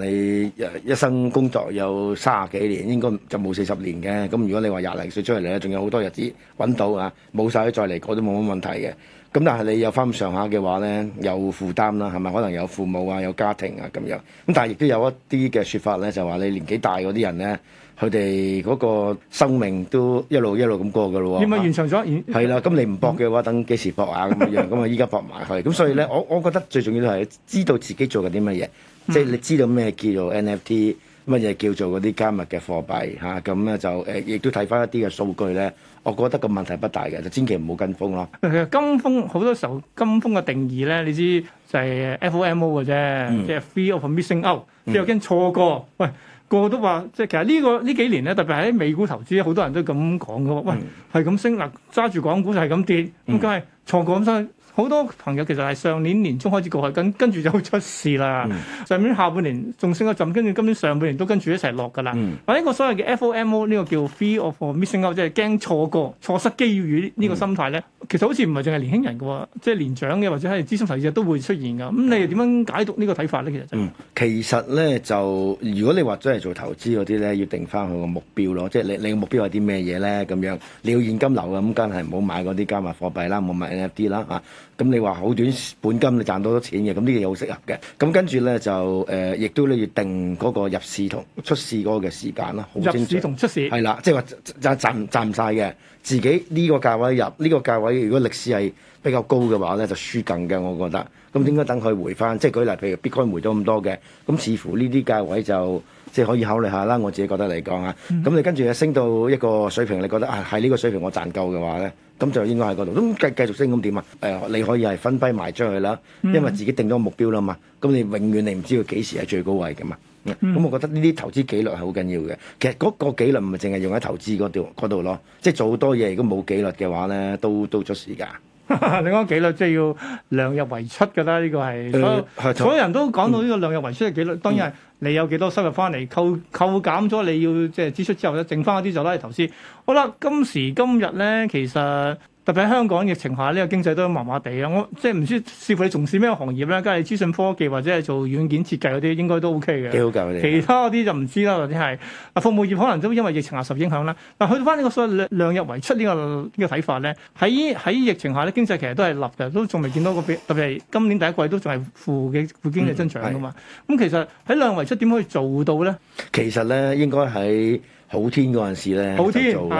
你一生工作有卅幾年，應該就冇四十年嘅。咁如果你話廿零歲出嚟咧，仲有好多日子揾到啊，冇晒再嚟過都冇乜問題嘅。咁但係你有翻咁上下嘅話咧，有負擔啦，係咪？可能有父母啊，有家庭啊咁樣。咁但係亦都有一啲嘅説法咧，就話你年紀大嗰啲人咧，佢哋嗰個生命都一路一路咁過嘅咯喎。你咪完成咗？係啦、啊，咁、嗯、你唔博嘅話，等幾時博啊？咁樣咁啊，依家博埋去。咁 所以咧，我我覺得最重要係知道自己做緊啲乜嘢，即、就、係、是、你知道咩叫做 NFT，乜嘢叫做嗰啲加密嘅貨幣嚇。咁、啊、咧就誒，亦都睇翻一啲嘅數據咧。我覺得個問題不大嘅，就千祈唔好跟風咯。其實跟風好多時候，跟風嘅定義咧，你知就係 FOMO 嘅啫，即係 Fear of Missing Out、嗯。你又驚錯過，喂，個個都話，即係其實呢、呢個呢幾年咧，特別喺美股投資，好多人都咁講嘅喎。喂，係咁、嗯、升，嗱揸住港股就係咁跌，咁梗係錯過咁多。好多朋友其實係上年年中開始過去，緊，跟住就出事啦。嗯、上年下半年仲升一陣，跟住今年上半年都跟住一齊落㗎啦。咁呢、嗯、個所謂嘅 FOMO 呢個叫 Fear of Missing Out，即係驚錯過、錯失機遇呢個心態咧，嗯、其實好似唔係淨係年輕人嘅，即係年長嘅或者係資深投資者都會出現㗎。咁、嗯、你點樣解讀個呢個睇法咧？其實就係嗯、其實咧就，如果你話真係做投資嗰啲咧，要定翻佢個目標咯，即係你你個目標係啲咩嘢咧？咁樣你要現金流嘅，咁梗係唔好買嗰啲加密貨幣啦，唔好買 NFT 啦嚇。啊啊咁你話好短本金你賺多咗錢嘅，咁呢樣又好適合嘅。咁跟住咧就誒、呃，亦都咧要定嗰個入市同出市嗰個嘅時間咯，好清楚。入市同出市。係啦，即係話賺賺唔賺唔曬嘅，自己呢個價位入呢、呢個價位，如果歷史係比較高嘅話咧，就輸緊嘅，我覺得。咁應該等佢回翻，嗯、即係舉例，譬如比特幣回咗咁多嘅，咁似乎呢啲價位就。即係可以考慮下啦，我自己覺得嚟講啊，咁你、嗯嗯、跟住啊升到一個水平，你覺得啊喺呢個水平我賺夠嘅話咧，咁就應該喺嗰度。咁繼繼續升咁點啊？誒、哎，你可以係分批賣出去啦，因為自己定咗目標啦嘛。咁你永遠你唔知道幾時係最高位嘅嘛。咁、嗯嗯嗯、我覺得呢啲投資紀律係好緊要嘅。其實嗰個紀律唔係淨係用喺投資嗰度嗰度咯，即係做好多嘢。如果冇紀律嘅話咧，都都出事嘅。 你講紀律，即係要量入為出噶啦，呢、這個係所有，呃、所有人都講到呢個量入為出嘅紀律。當然係你有幾多收入翻嚟，扣扣減咗你要即係支出之後咧，剩翻一啲就拉去投資。好啦，今時今日咧，其實。特別喺香港疫情下，呢、呢個經濟都麻麻地啊！我即係唔知，視乎你從事咩行業啦，梗係資訊科技或者係做軟件設計嗰啲，應該都 OK 嘅。幾好㗎！其他嗰啲就唔知啦，或者係嗱服務業可能都因為疫情下受影響啦。嗱，去翻呢個所謂量入為出、這個這個、呢個呢個睇法咧，喺喺疫情下咧經濟其實都係立嘅，都仲未見到個特別係今年第一季都仲係負嘅負經濟增長㗎嘛。咁、嗯嗯、其實喺量為出點可以做到咧？其實咧應該喺。好天嗰陣時好天做啦。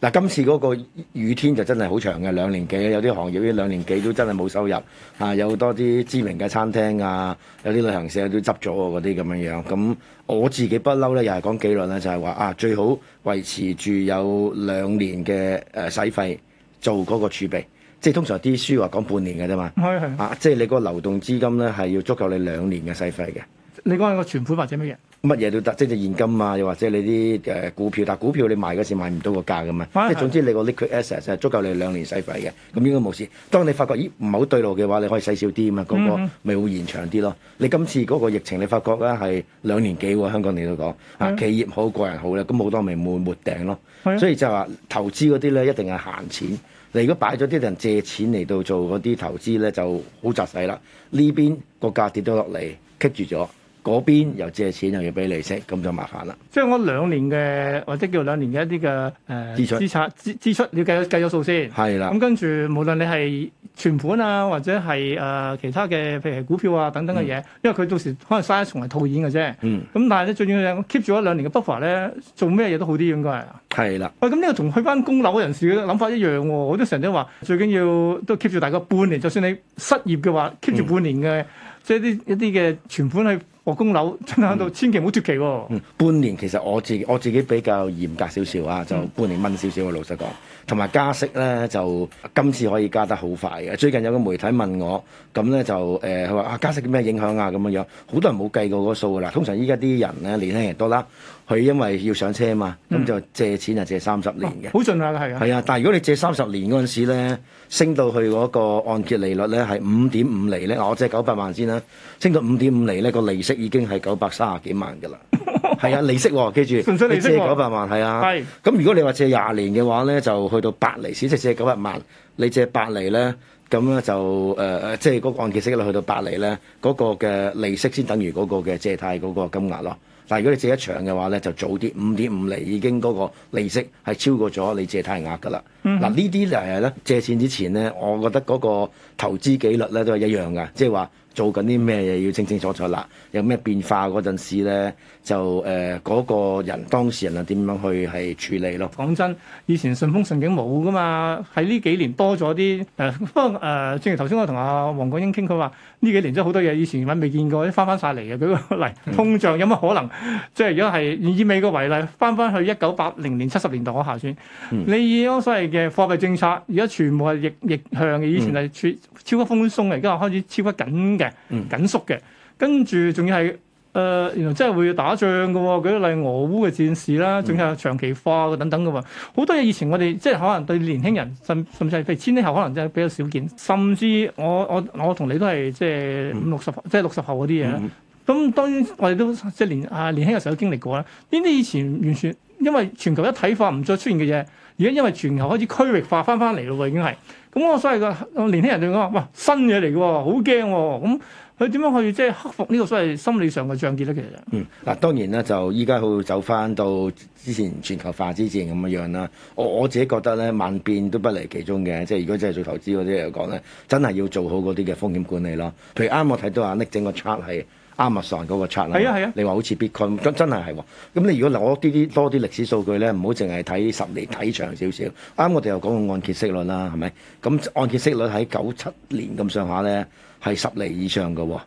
嗱是， 今次嗰個雨天就真係好長嘅，兩年幾，有啲行業呢兩年幾都真係冇收入。啊，有好多啲知名嘅餐廳啊，有啲旅行社都執咗嗰啲咁樣樣。咁我自己不嬲咧，又係講紀律咧，就係、是、話啊，最好維持住有兩年嘅誒、呃、使費做嗰個儲備。即係通常啲書話講半年嘅啫嘛。係係是。啊，即係你個流動資金咧係要足夠你兩年嘅使費嘅。你講下個存款或者乜嘢？乜嘢都得，即係現金啊，又或者你啲誒股票，但係股票你賣嗰時賣唔到個價噶嘛，即係的總之你個 liquid asset 係足夠你兩年使費嘅，咁應該冇事。當你發覺咦，唔好對路嘅話，你可以使少啲啊嘛，那個個咪會延長啲咯。嗯嗯，你今次嗰個疫情，你發覺咧係兩年幾，香港你都講啊，嗯、企業好，個人好咧，咁好多咪冇冇頂咯，的所以就話投資嗰啲咧一定係閒錢。你如果擺咗啲人借錢嚟到做嗰啲投資咧，就好窒細啦。呢邊個價跌咗落嚟棘住咗，嗰邊又借錢又要俾利息，咁就麻煩啦。即係我兩年嘅，或者叫兩年嘅一啲嘅誒支出、資產、支支出，你要計計咗數先。係啦的。咁、嗯、跟住，無論你係存款啊，或者係誒、呃、其他嘅，譬如股票啊等等嘅嘢，嗯、因為佢到時可能嘥一重嚟套現嘅啫。嗯。咁但係咧，最緊要係 keep 住一兩年嘅 buffer 咧，做咩嘢都好啲，應該係。係啦、哎。喂，咁呢個同去翻供樓人士嘅諗法一樣喎、哦。我都成日都話，最緊要都 keep 住大概半年，就算你失業嘅話，keep 住半年嘅即係啲一啲嘅存款去。我供樓真係喺度，千祈唔好脱期喎。半年其實我自己我自己比較嚴格少少啊，嗯、就半年掹少少啊，老實講。同埋加息咧，就今次可以加得好快嘅。最近有個媒體問我，咁咧就誒，佢話啊，加息有咩影響啊？咁樣樣。好多人冇計過嗰數㗎啦。通常依家啲人咧，年輕人多啦，佢因為要上車啊嘛，咁、嗯、就借錢就借三十年嘅。好、哦、盡量啦，係啊。係啊，但係如果你借三十年嗰陣時咧，升到去嗰個按揭利率咧係五點五厘咧，我借九百萬先啦，升到五點五厘咧，個利息已經係九百三十幾萬㗎啦。 係啊、哦，利息、哦、記住，利息哦、你借九百萬，係啊，咁的如果你借話借廿年嘅話咧，就去到八厘少即、就是、借九百萬，你借八厘咧，咁咧就誒誒，即係嗰個按揭息率去到八厘咧，嗰、那個嘅利息先等於嗰個嘅借貸嗰個金額咯。但係如果你借一場嘅話咧，就早啲五點五厘已經嗰個利息係超過咗你借貸額噶啦。嗱，呢啲就係咧借錢之前咧，我覺得嗰個投資紀律咧都係一樣噶，即係話。做緊啲咩嘢要清清楚楚啦？有咩變化嗰陣時咧，就誒嗰、呃嗰個人當事人啊點樣去係處理咯？講真，以前順風順景冇噶嘛，喺呢幾年多咗啲誒。不過誒，正如頭先我同阿黃國英傾，佢話呢幾年真係好多嘢，以前揾未見過，都翻翻晒嚟嘅。舉個例，通脹有乜可能？嗯、即係如果係以美國為例，翻翻去一九八零年七十年代嗰下算，嗯、你而家所謂嘅貨幣政策，而家全部係逆逆向嘅，以前係超級寬鬆嘅，而家、嗯、開始超級緊嘅。緊縮嘅，跟住仲要係誒、呃，原來真係會打仗嘅，嗰啲例如俄烏嘅戰事啦，仲有長期化嘅等等嘅喎，好、嗯、多嘢以前我哋即係可能對年輕人甚甚至係千禧後可能真係比較少見，甚至我我我同你都係即係五六十、嗯、即係六十後嗰啲嘢啦，咁、嗯、當然我哋都即係、啊、年啊年輕嘅時候都經歷過啦，呢啲以前完全因為全球一體化唔再出現嘅嘢。而家因為全球開始區域化翻翻嚟咯，已經係，咁我所謂個年輕人就講話，哇，新嘢嚟㗎喎，好驚喎，咁佢點樣去即係克服呢個所謂心理上嘅障結咧？其實，嗯，嗱，當然啦，就依家去走翻到之前全球化之前咁嘅樣啦。我我自己覺得咧，萬變都不離其中嘅，即係如果真係做投資嗰啲嚟講咧，真係要做好嗰啲嘅風險管理咯。譬如啱我睇到啊，匿整個 chart 係。亞馬遜上嗰個趨啦，係啊係啊，啊你話好似 Bitcoin 真真係係喎，咁你如果攞啲啲多啲歷史數據咧，唔好淨係睇十年，睇長少少，啱我哋又講個按揭息率啦，係咪？咁按揭息率喺九七年咁上下咧。係十厘以上嘅喎，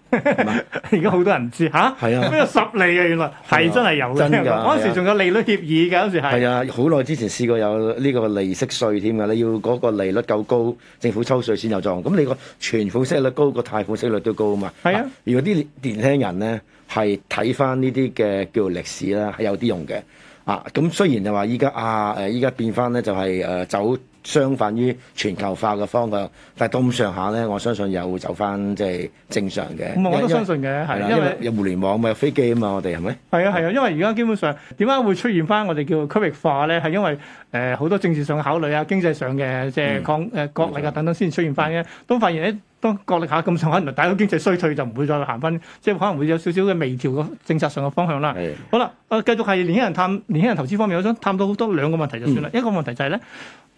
而家好多人唔知吓，咁咩、啊啊、十厘啊，原來的的，係真係有嘅。嗰陣、嗯、時仲有利率協議嘅，嗰陣的時係。係啊，好耐之前試過有呢個利息稅添嘅，你要嗰個利率夠高，政府抽稅先有作用。咁你個存款息率高，個貸款息、個、息率都高啊嘛。係的啊，如果啲年輕人咧係睇翻呢啲嘅叫做歷史啦，係有啲用嘅。啊，咁雖然、啊、就話依家啊誒，依家變翻咧就係誒走。相反於全球化嘅方向，但係到咁上下咧，我相信又會走翻即係正常嘅。咁為我都相信嘅，係因為有互聯網嘛，咪有飛機啊嘛，我哋係咪？係啊係啊，因為而家基本上點解會出現翻我哋叫區域化咧？係因為誒好、呃、多政治上嘅考慮啊、經濟上嘅即係抗誒、嗯、國力啊等等，先出現翻嘅。嗯嗯、都發現咧、欸，當國力下咁上，下，可能第一個經濟衰退就唔會再行翻，即係可能會有少少嘅微調嘅政策上嘅方向啦。嗯、好啦，誒繼續係年輕人探年輕人投資方面，我想探到好多兩個問題就算啦。嗯、一個問題就係、是、咧。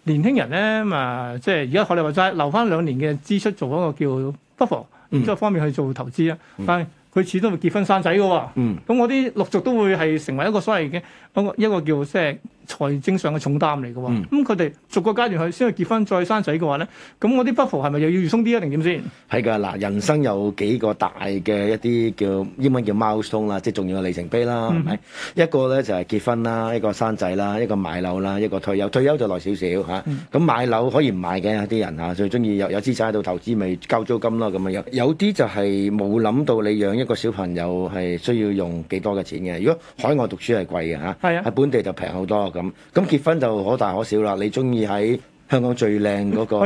年輕人咧，啊，即係而家學你話齋，留翻兩年嘅支出做嗰個叫 buffer，唔多方面去做投資啊。嗯、但係佢始終會結婚生仔㗎喎，咁、嗯、我啲陸續都會係成為一個所謂嘅一個一個叫即係。財政上嘅重擔嚟嘅喎，咁佢哋逐個階段去先去結婚再生仔嘅話咧，咁我啲 buffer 係咪又要預鬆啲啊？定點先？係㗎嗱，人生有幾個大嘅一啲叫英文叫 milestone 啦，即係重要嘅里程碑啦，係咪、嗯、一個咧就係結婚啦，一個生仔啦，一個買樓啦，一個退休。退休就耐少少嚇，咁、啊嗯啊、買樓可以唔買嘅啲人嚇，最中意有有資產喺度投資咪交租金咯咁嘅樣。有啲就係冇諗到你養一個小朋友係需要用幾多嘅錢嘅。如果海外讀書係貴嘅嚇，喺、啊、本地就平好多。啊咁咁結婚就可大可小啦，你中意喺香港最靚嗰個。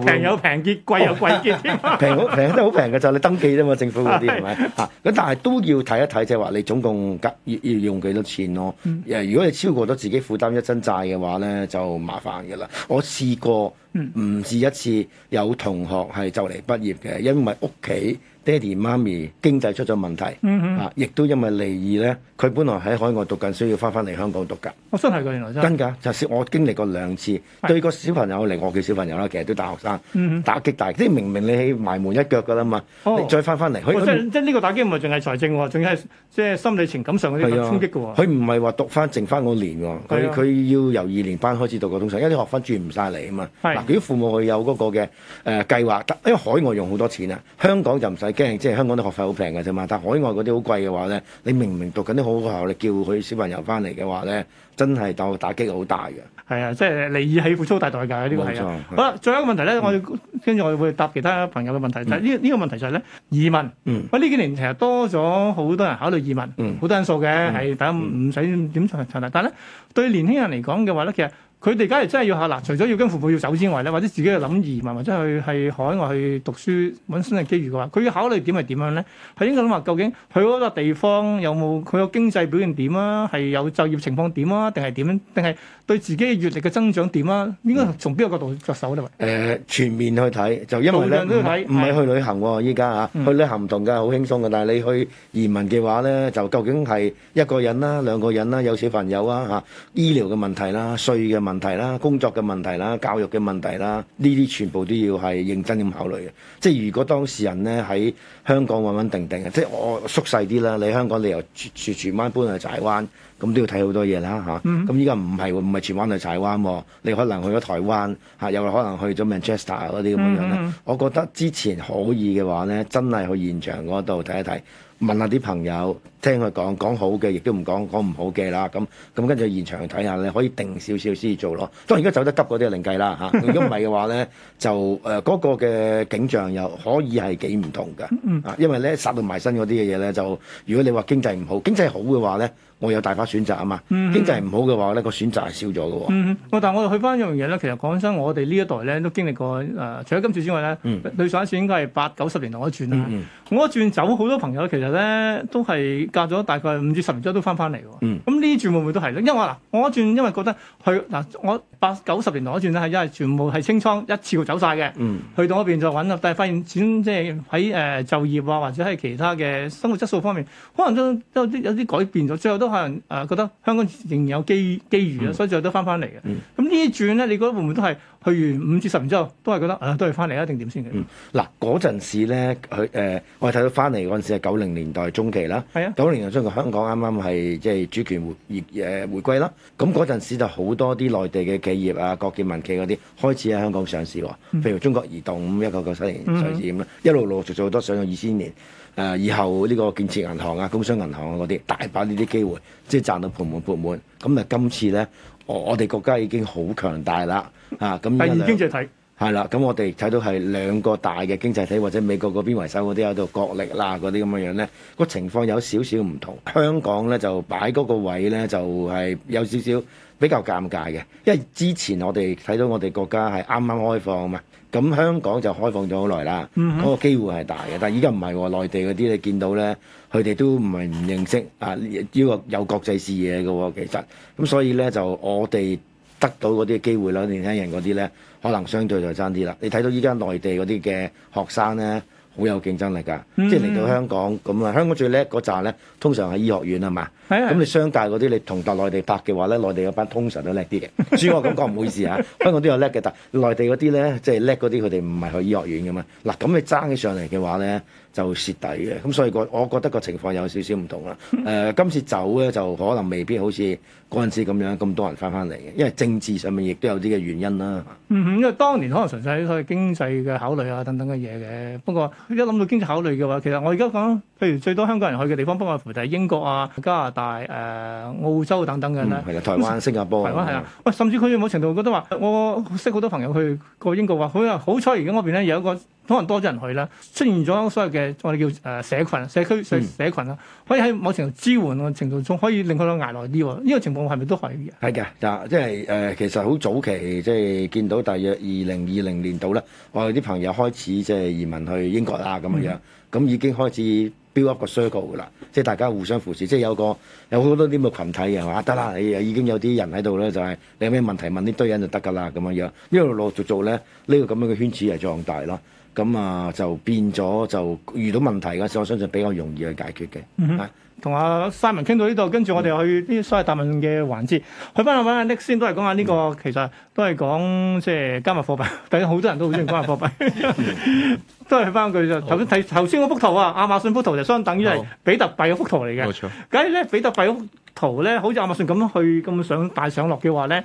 平 有平結，貴有貴結添。平好平，真好平嘅就你登記啫嘛，政府嗰啲係咪？嚇 的！咁但係都要睇一睇，即係話你總共加要要用幾多錢咯？誒，如果你超過咗自己負擔一身債嘅話咧，就麻煩嘅啦。我試過唔止一次，有同學係就嚟畢業嘅，因為屋企。爹哋媽咪經濟出咗問題，嗯、哼啊，亦都因為離異咧，佢本來喺海外讀緊書，需要翻翻嚟香港讀噶。我真係噶原來真。真㗎，就算、是、我經歷過兩次，是對個小朋友嚟我嘅小朋友啦，其實都大學生、嗯、哼打擊大，即係明明你喺埋門一腳㗎啦嘛，哦、你再翻翻嚟，即真呢不個打擊唔係淨係財政喎，仲係即係心理情感上嗰啲衝擊㗎，佢唔係話讀翻剩翻嗰年㗎、啊，佢佢、啊、要由二年班開始讀個通常。因為學分轉唔晒嚟啊嘛。嗱、啊，佢啲父母佢有嗰個嘅誒、呃、計劃，因為海外用好多錢啊，香港就唔使。驚，即係香港啲學費好平嘅啫嘛，但係海外嗰啲好貴嘅話咧，你明唔明讀緊啲好學校，你叫佢小朋友翻嚟嘅話咧，真係打打擊好大嘅。係啊，即係利益係付出大代價呢個係啊。好啦了，最後是一個問題咧，嗯、我跟住我會答其他朋友嘅問題。但係呢呢個問題就係咧移民。嗯，喂，呢幾年其實多咗好多人考慮移民，好、嗯、多因素嘅係，嗯嗯嗯、但係大家唔使點層層立。但係咧，對年輕人嚟講嘅話咧，其實。佢哋假如真係要嚇嗱，除咗要跟父母要走之外咧，或者自己去諗移民或者去係海外去讀書揾新嘅機遇嘅話，佢要考慮點係點樣咧？係應該諗話究竟去嗰個地方有冇佢個經濟表現點啊？係有就業情況點啊？定係點？定係對自己嘅閱歷嘅增長點啊？應該從邊個角度着手咧？誒、嗯，全面去睇就因為咧，唔係不、嗯、去旅行喎，依家吓，去旅行唔同㗎，好輕鬆嘅。但係你去移民嘅話咧，就究竟係一個人啦、兩個人啦、有小朋友啊嚇、啊啊、醫療嘅問題啦、稅嘅問。啊問題啦，工作嘅問題啦，教育嘅問題啦，呢啲全部都要係認真咁考慮嘅。即係如果當事人咧喺香港穩穩定定，即係我縮細啲啦。你香港你由荃灣搬去柴灣，咁都要睇好多嘢啦嚇。咁依家唔係唔係荃灣去柴灣喎，你可能去咗台灣嚇、啊，又可能去咗 Manchester 嗰啲咁樣咧。嗯嗯，我覺得之前可以嘅話咧，真係去現場嗰度睇一睇。問下啲朋友，聽佢講講好嘅，亦都唔講講唔好嘅啦。咁咁跟住現場睇下，你可以定少少先做咯。當然而家走得急嗰啲另計啦嚇、 啊。如果唔係嘅話咧，就誒嗰、呃嗰個嘅景象又可以係幾唔同嘅、啊。因為咧殺到埋身嗰啲嘅嘢咧，就如果你話經濟唔好，經濟好嘅話咧。我有大把選擇啊嘛，經濟唔好嘅話咧，個選擇係少咗嘅。嗯，嗯，但係我又去翻一樣嘢咧，其實講真，我哋呢一代咧都經歷過誒、呃，除咗今次之外咧，對、嗯、上一次應該係八九十年代嗰轉啦。我嗰轉走好多朋友其實咧都係隔咗大概五至十年之後都翻返嚟嘅。嗯，咁呢轉會唔會都係咧？因為嗱，我嗰轉因為覺得去嗱，我八九十年代嗰轉咧係因為全部係清倉一次過走晒嘅。嗯、去到嗰邊再揾啦，但係發現錢即係喺誒就業啊，或者係、呃、其他嘅生活質素方面，可能都都有啲有啲改變咗，最後都都可能誒覺得香港仍然有機機遇啊，所以再都翻翻嚟嘅。咁呢一轉咧，你覺得會唔會都係去完五至十年之後，都係覺得誒、呃、都係翻嚟一定點先嘅？嗱嗰陣時咧，佢、呃、誒我哋睇到翻嚟嗰陣時係九零年代中期啦。係啊，九零年代中期，中國香港啱啱係即係主權回誒回歸啦。咁嗰陣時就好多啲內地嘅企業啊，國建民企嗰啲開始喺香港上市喎。譬如中國移動，一九九七年上市咁啦，嗯、一路陸陸續續都上咗二千年。誒、呃、以後呢個建設銀行啊、工商銀行啊嗰啲，大把呢啲機會，即係賺到盆滿缽滿。咁啊，今次咧，我哋國家已經好強大啦，嚇、啊、咁。第二經濟體係啦。咁我哋睇到係兩個大嘅經濟體，或者美國嗰邊為首嗰啲喺度角力啦嗰啲咁嘅樣咧，個情況有少少唔同。香港咧就擺嗰個位咧就係、是、有少少比較尷尬嘅，因為之前我哋睇到我哋國家係啱啱開放啊嘛，咁香港就開放咗好耐啦，嗰、嗯、哼個機會係大嘅，但係而家唔係喎，內地嗰啲你見到咧，佢哋都唔係唔認識啊，呢個有國際視野嘅喎、哦，其實咁所以咧就我哋得到嗰啲機會啦，年輕人嗰啲咧可能相對就爭啲啦，你睇到依家內地嗰啲嘅學生咧。好有競爭力㗎，嗯、即係嚟到香港咁啊！香港最叻嗰扎咧，通常係醫學院啊嘛。咁的你商界嗰啲，你同搭內地拍嘅話咧，內地嗰班通常都叻啲嘅。主要我感覺唔好意思啊， 香港都有叻嘅。但內地嗰啲咧，即係叻嗰啲，佢哋唔係去醫學院㗎嘛。嗱，咁你爭起上嚟嘅話咧。就蝕底嘅，咁所以個我，我覺得個情況有少少唔同啦。誒、呃，今次走咧就可能未必好似嗰陣時咁樣咁多人翻翻嚟嘅，因為政治上面亦都有啲嘅原因啦。嗯哼，因為當年可能純粹係經濟嘅考慮啊等等嘅嘢嘅。不過一諗到經濟考慮嘅話，其實我而家講，譬如最多香港人去嘅地方，不外乎就係英國啊、加拿大、誒、呃、澳洲等等嘅咧。係啊、嗯，台灣、新加坡、台灣係啊。喂，的甚至佢有冇程度覺得話，我識好多朋友去過英國話，佢話好彩而家嗰邊咧有一個。可能多咗人去啦，出現咗所謂嘅我哋叫誒社群社區社社羣啦，嗯、可以喺某程度支援嘅程度仲可以令佢哋捱耐啲。呢、這個情況係咪都可以？係嘅嗱，即係誒，其實好早期，即、就、係、是、見到大約二零二零年度啦，我哋啲朋友開始即係、就是、移民去英國啊咁樣樣，咁、嗯、已經開始 build up 個 circle 噶啦，即係大家互相扶持，即係有個有好多呢個群體嘅話得啦，你已經有啲人喺度咧，就係、是、你有咩問題問啲堆人就得噶啦咁樣樣。因為陸續做咧，呢、這個咁樣嘅圈子係壯大咯。咁啊，就變咗就遇到問題嘅時候，我相信比較容易去解決嘅。嚇，同阿 Simon 傾到呢度，跟住我哋去啲所謂大問嘅環節，嗯、去翻下揾阿 Nick 先，都係講下呢個，其實都係講即係加密貨幣，大家好多人都好中意加密貨幣，都係翻句就頭先睇頭先嗰幅圖啊，亞馬遜幅圖就相等於係比特幣幅圖嚟嘅，冇錯好。咁咧比特幣幅圖咧，好似亞馬遜咁樣去咁大上落嘅話咧。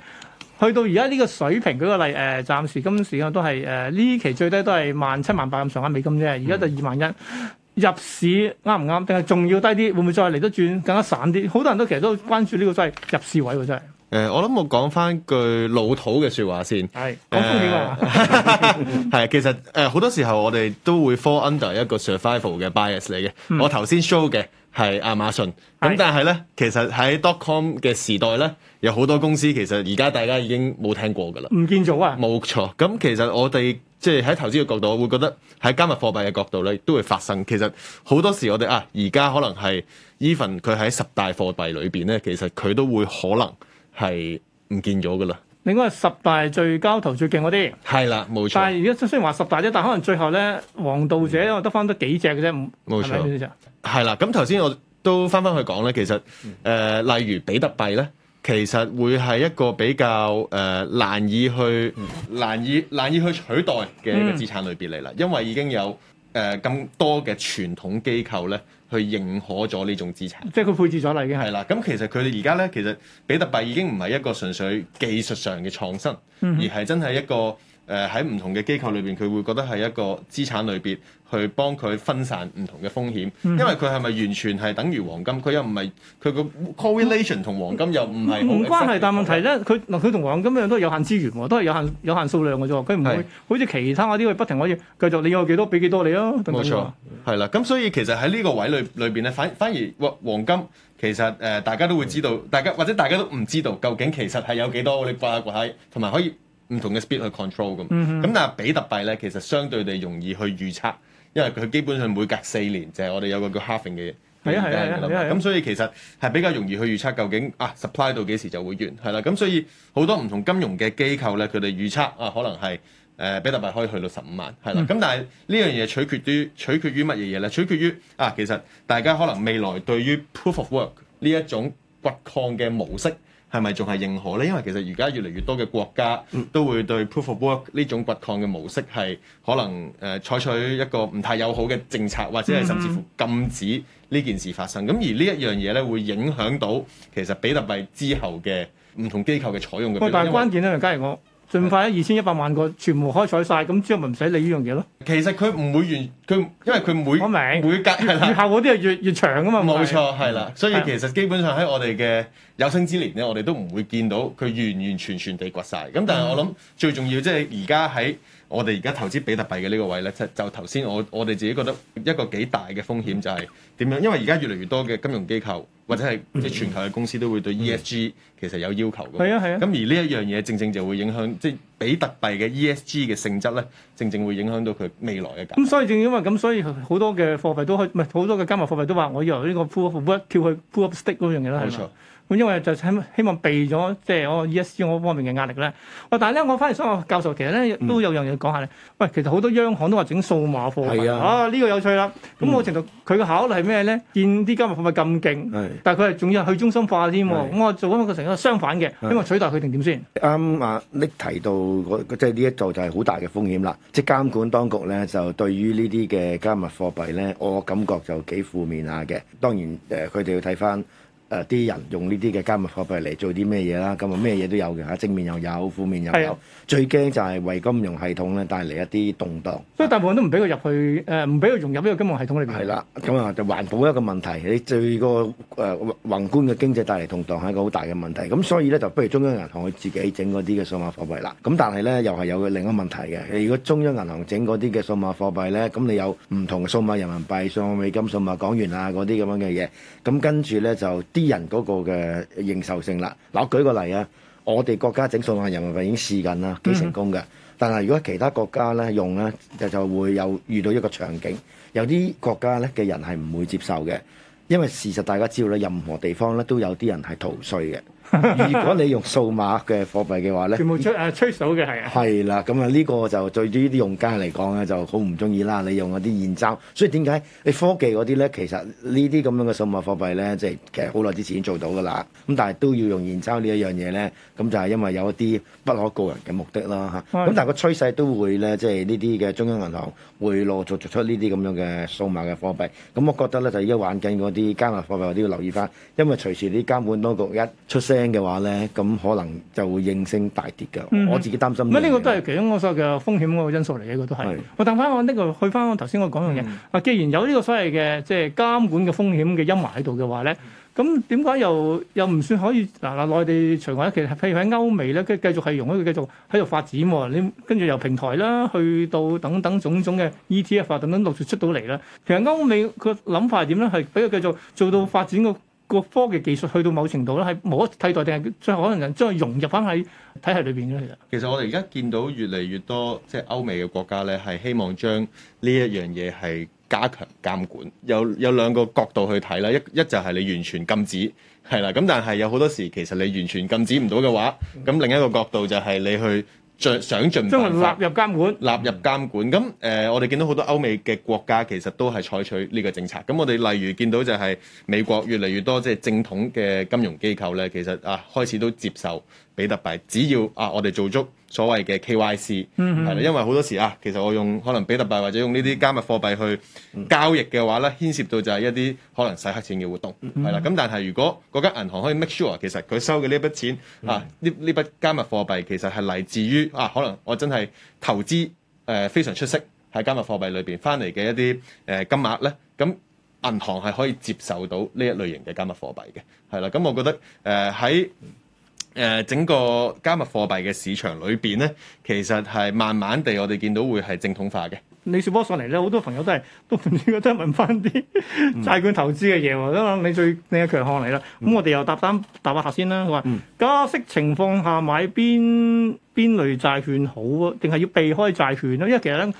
去到而家呢個水平，舉個例，誒，暫時今時間都係誒呢期最低都係萬七萬八咁上下美金啫。而家就二萬一入市啱唔啱？定係仲要低啲？會唔會再嚟得轉更加散啲？好多人都其，其實都關注呢、這個真係、就是、入市位喎，真係。誒、呃，我諗我講翻句老土嘅説話先。係講翻呢個係啊， 其實誒好、呃、多時候我哋都會 fall under 一個 survival 嘅 bias 嚟嘅。嗯、我頭先 show 嘅。係亞馬遜，咁但係咧，其實喺 dot com 嘅時代咧，有好多公司其實而家大家已經冇聽過嘅啦，唔見咗啊！冇錯，咁其實我哋即係喺投資嘅角度，我會覺得喺加密貨幣嘅角度咧，都會發生。其實好多時我哋啊，而家可能係 even 佢喺十大貨幣裏邊咧，其實佢都會可能係唔見咗嘅啦。應該係十大最交投最勁嘅嗰啲，係啦，冇錯。但係而家雖然話十大啫，但係可能最後咧，贏道者我得翻得幾隻嘅啫，冇錯。係啦，咁頭先我都翻翻去講咧，其實誒、呃，例如比特幣咧，其實會係一個比較誒、呃、難以去難以難以去取代嘅一個資產類別嚟啦，嗯、因為已經有。誒咁、呃、多嘅傳統機構咧，去認可咗呢種資產，即係佢配置咗啦已經係啦。咁其實佢哋而家咧，其實比特幣已經唔係一個純粹技術上嘅創新，而係真係一個。誒喺唔同嘅機構裏邊，佢會覺得係一個資產類別去幫佢分散唔同嘅風險，嗯、因為佢係咪完全係等於黃金？佢又唔係，佢個 correlation 同、嗯、黃金又唔係冇關係。像但問題咧，佢佢同黃金一樣都係有限資源，都係有限有限數量嘅啫。佢唔會是好似其他嗰啲會不停可以繼續你有幾多俾幾多你啊？冇錯，係啦。咁所以其實喺呢個位裏裏邊咧，反反而黃金其實誒、呃、大家都會知道，大家或者大家都唔知道究竟其實係有幾多？你掛掛喺同埋可以。唔同嘅 speed 去 control 咁、嗯哼，咁但係比特幣咧，其實相對地容易去預測，因為佢基本上每隔四年就係、是、我哋有個叫 halving 嘅嘢，係啊係啊係啊，咁 band, 所以其實係比較容易去預測究竟啊 supply 到幾時就會完，係啦，咁所以好多唔同金融嘅機構咧，佢哋預測啊可能係誒、呃、比特幣可以去到十五萬，係啦，咁、嗯、但係呢樣嘢取決於取決於乜嘢嘢咧？取決於啊，其實大家可能未來對於 proof of work 呢一種掘礦嘅模式。係咪仲係認可咧？因為其實而家越嚟越多嘅國家都會對 proof of work 呢種挖礦嘅模式係可能誒採、呃、取一個唔太友好嘅政策，或者係甚至乎禁止呢件事發生。咁而呢一樣嘢咧，會影響到其實比特幣之後嘅唔同機構嘅採用嘅。喂、哦，但係關鍵咧，假如我。盡快咧，二千一百萬個全部開採晒，咁之後咪唔使理呢樣嘢咯。其實佢唔會完，佢因為佢每每隔越後嗰啲係越越，越長啊嘛。冇錯，係啦。嗯、所以其實基本上喺我哋嘅有生之年咧，嗎我哋都唔會見到佢完完全全地掘晒。咁但係我諗最重要即係而家喺。我哋而家投資比特幣嘅呢個位咧，即就頭先我我哋自己覺得一個幾大嘅風險就係點樣？因為而家越嚟越多嘅金融機構或者係即全球嘅公司都會對 ESG 其實有要求嘅。係啊係啊。咁、嗯、而呢一樣嘢正正就會影響即比特幣嘅 ESG 嘅性質咧，正正會影響到佢未來嘅價。咁所以正因為咁，所以好多嘅貨幣都可唔係好多嘅加密貨幣都話：我以由呢個 proof of work 跳去 proof of stake 嗰樣嘢啦，冇錯？咁因為就希希望避咗即係我 e i 我方面嘅壓力咧。喂，但係咧，我反嚟想話教授，其實咧都有樣嘢講下咧。喂，其實好多央行都話整數碼貨幣，嗯、啊呢、呢個有趣啦。咁、嗯、我程度，佢嘅考慮係咩咧？見啲加密貨幣咁勁，是但係佢係仲要去中心化添。咁是、嗯、我做咁嘅成個相反嘅，因為是取代佢定點先？啱啊、嗯！你提到即係呢一度就係好大嘅風險啦。即係監管當局咧，就對於呢啲嘅加密貨幣咧，我感覺就幾負面下嘅。當然誒，佢、呃、哋要睇翻。誒啲、呃、人用呢啲嘅加密貨幣嚟做啲咩嘢啦？咁啊咩嘢都有嘅嚇，正面又有，負面又有。最驚就係為金融系統咧帶嚟一啲動盪，所以大部分都唔俾佢入去，誒唔俾佢融入呢個金融系統裏邊。係啦，咁啊就環保一個問題，你對、那個誒、呃、宏觀嘅經濟帶嚟動盪係一個好大嘅問題。咁所以咧就不如中央銀行去自己整嗰啲嘅數碼貨幣啦。咁但係咧又係有另一個問題嘅。如果中央銀行整嗰啲嘅數碼貨幣咧，咁你有唔同數碼人民幣、數碼美金、數碼港元啊嗰啲咁樣嘅嘢，咁跟住咧就啲人嗰個嘅認受性啦。嗱，我舉個例啊。我哋國家整數字人民幣已經試緊啦，幾成功嘅。但係如果其他國家咧用咧，就就會有遇到一個場景，有啲國家咧嘅人係唔會接受嘅，因為事實大家知道咧，任何地方咧都有啲人係逃稅嘅。 如果你用數碼嘅貨幣嘅話咧，全部吹啊吹走嘅係啊，係啦，咁啊呢個就對於啲用家嚟講咧就好唔中意啦。你用嗰啲現鈔，所以點解你科技嗰啲咧，其實呢啲咁樣嘅數碼貨幣咧，即係其實好耐之前已經做到噶啦。咁但係都要用現鈔呢一樣嘢咧，咁就係因為有一啲不可告人嘅目的啦嚇。咁 但係個趨勢都會咧，即係呢啲嘅中央銀行。會落作出呢啲咁樣嘅數碼嘅貨幣，咁、嗯、我覺得咧就而家玩緊嗰啲加密貨幣我都要留意翻，因為隨時啲監管當局一出聲嘅話咧，咁可能就會應聲大跌嘅。我自己擔心。呢個都係其中我所謂嘅風險嗰個因素嚟嘅，都、嗯、係。我等翻我呢個去翻我頭先我講嘅嘢。啊、嗯，既然有呢個所謂嘅即係監管嘅風險嘅陰霾喺度嘅話咧。咁點解又又唔算可以嗱嗱內地除外咧？其實譬如喺歐美咧，跟住繼續係用喺度，繼續喺度發展喎。你跟住由平台啦，去到等等種種嘅 ETF 啊，等等陸續出到嚟啦。其實歐美個諗法係點咧？係俾佢繼續做到發展個個科技技術去到某程度咧，係冇得替代，定係最後可能將佢融入翻喺體系裏邊咧？其實其實我哋而家見到越嚟越多即係、就是、歐美嘅國家咧，係希望將呢一樣嘢係加強監管，有有兩個角度去睇啦，一一就係你完全禁止，係啦，咁但係有好多時其實你完全禁止唔到嘅話，咁另一個角度就係你去盡想盡辦法納入監管，納入監管。咁誒、呃，我哋見到好多歐美嘅國家其實都係採取呢個政策。咁我哋例如見到就係美國越嚟越多即係、就是、正統嘅金融機構咧，其實啊開始都接受比特幣，只要啊我哋做足。所謂嘅 KYC 係啦，因為好多時啊，其實我用可能比特幣或者用呢啲加密貨幣去交易嘅話咧，牽涉到就係一啲可能洗黑錢嘅活動係啦。咁但係如果嗰間銀行可以 make sure，其實佢收嘅呢筆錢啊，呢呢筆加密貨幣其實係嚟自於啊，可能我真係投資誒、呃、非常出色喺加密貨幣裏邊翻嚟嘅一啲誒金額咧，咁、嗯、銀行係可以接受到呢一類型嘅加密貨幣嘅係啦。咁我覺得誒喺、呃誒整個加密貨幣嘅市場裏邊咧，其實係慢慢地，我哋見到會係正統化嘅。李兆波上嚟咧，好多朋友都係都唔知，都應該問翻啲債券投資嘅嘢喎。都諗、嗯、你最你嘅強項嚟啦。咁、嗯、我哋又搭單搭下先啦。佢話、嗯、加息情況下買邊邊類債券好啊？定係要避開債券咧？因為其實咧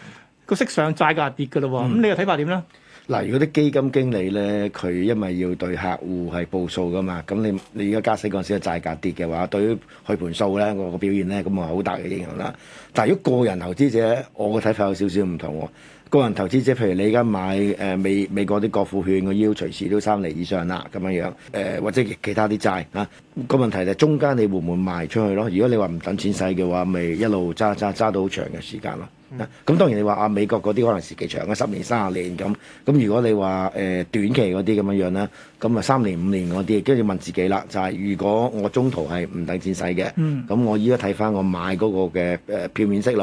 個息上債價跌㗎喇喎。咁、嗯、你嘅睇法點咧？嗱，如果啲基金經理咧，佢因為要對客戶係報數噶嘛，咁你你而家加息嗰陣時嘅債價跌嘅話，對於去盤數咧，我個表現咧，咁我好大嘅影響啦。但係如果個人投資者，我個睇法有少少唔同喎、哦。個人投資者，譬如你而家買誒、呃、美美國啲國庫券，佢要隨時都三厘以上啦咁樣樣，誒、呃、或者其他啲債嚇個、啊、問題就係中間你會唔會賣出去咯？如果你話唔等錢使嘅話，咪一路揸揸揸到好長嘅時間咯。咁、啊嗯、當然你話啊美國嗰啲可能時期長嘅十年、三十年咁，咁如果你話誒、呃、短期嗰啲咁樣樣啦，咁啊三年五年嗰啲，跟住問自己啦，就係、是、如果我中途係唔等錢使嘅，咁、嗯、我依家睇翻我買嗰個嘅誒票面息率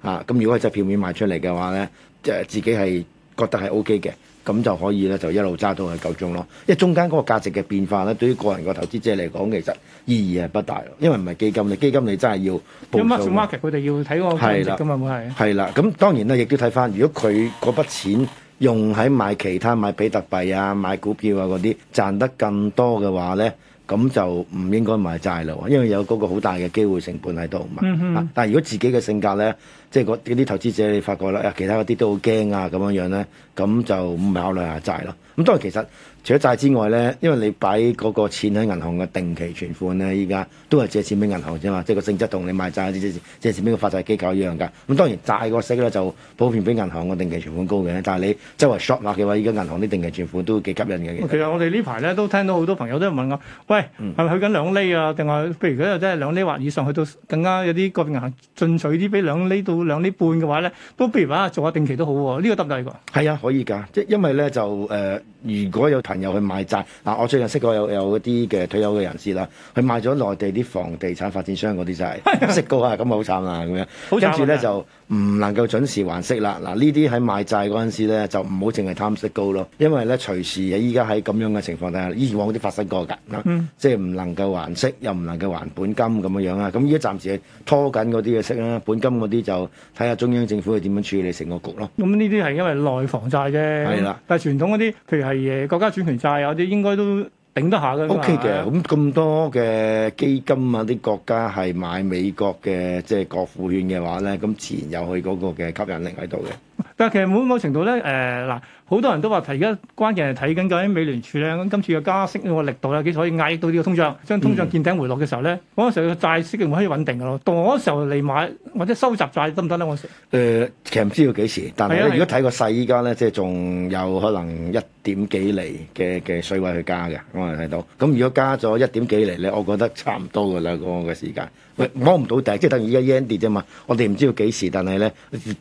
啊，咁如果係真係票面賣出嚟嘅話咧？即係自己係覺得係 OK 嘅，咁就可以咧，就一路揸到係夠鐘咯。因為中間嗰個價值嘅變化咧，對於個人個投資者嚟講，其實意義係不大。因為唔係基金咧，基金你真係要。因為 market 佢哋要睇個價值㗎嘛，會係的。係啦的，咁當然啦，亦都睇翻，如果佢嗰筆錢用喺買其他買比特幣啊、買股票啊嗰啲，賺得更多嘅話咧。咁就唔應該買債咯，因為有嗰個好大嘅機會成本喺度、嗯哼啊。但係如果自己嘅性格咧，即係嗰啲投資者，你發覺啦，其他嗰啲都好驚啊，咁樣樣咧，咁就唔考慮下債咯。咁當然其實。除咗債之外咧，因為你擺嗰個錢喺銀行嘅定期存款咧，依家都係借錢俾銀行啫嘛，即係個性質同你買債借借錢俾個發債機構一樣㗎。咁當然債個息咧就普遍比銀行嘅定期存款高嘅，但係你周圍 shop 嘅話，依家銀行啲定期存款都幾吸引嘅。其實,其實我哋呢排咧都聽到好多朋友都係問我：，喂，係咪去緊兩厘啊？定係譬如嗰啲真係兩厘或以上，去到更加有啲個別銀行進取啲，俾兩厘到兩厘半嘅話咧，都譬如話做下定期都好喎。呢、這個得唔得啊？呢個？係啊，可以㗎，即因為咧就誒、呃，如果有。朋友去買債嗱、啊，我最近識過有有啲嘅退休嘅人士啦，去買咗內地啲房地產發展商嗰啲債， 蝕過啊，咁咪好慘啊咁樣， 跟住咧 就。唔能夠準時還息啦！嗱，呢啲喺賣債嗰陣時咧，就唔好淨係貪息高咯，因為咧隨時啊，依家喺咁樣嘅情況，底下，以往啲發生過㗎，嗯、即係唔能夠還息，又唔能夠還本金咁樣樣啊！咁依家暫時係拖緊嗰啲嘅息啦，本金嗰啲就睇下中央政府係點樣處理成個局咯。咁呢啲係因為內房債啫，的但係傳統嗰啲，譬如係國家主權債有啲應該都。頂得下嘅，OK 嘅，咁咁多嘅基金啊，啲國家係買美國嘅即係國庫券嘅話咧，咁自然有佢嗰個嘅吸引力喺度嘅。 但係其實某某程度咧，誒、呃、嗱。好多人都話提，而家關鍵係睇緊緊美聯儲咧，咁今次嘅加息個力度咧，幾時可以壓抑到呢個通脹？將通脹見頂回落嘅時候咧，嗰個、嗯、時候嘅債息會可以穩定嘅咯。到我嗰時候嚟買或者收集債得唔得咧？我誒、呃、其實唔知道幾時，但係咧、啊、如果睇個勢，依家咧即係仲有可能一點幾厘嘅嘅水位去加嘅，我係睇到。咁如果加咗一點幾厘咧，我覺得差唔多嘅啦，個、那個時間喂摸唔到底，即係等於而家 yen 跌啫嘛。我哋唔知道幾時，但係咧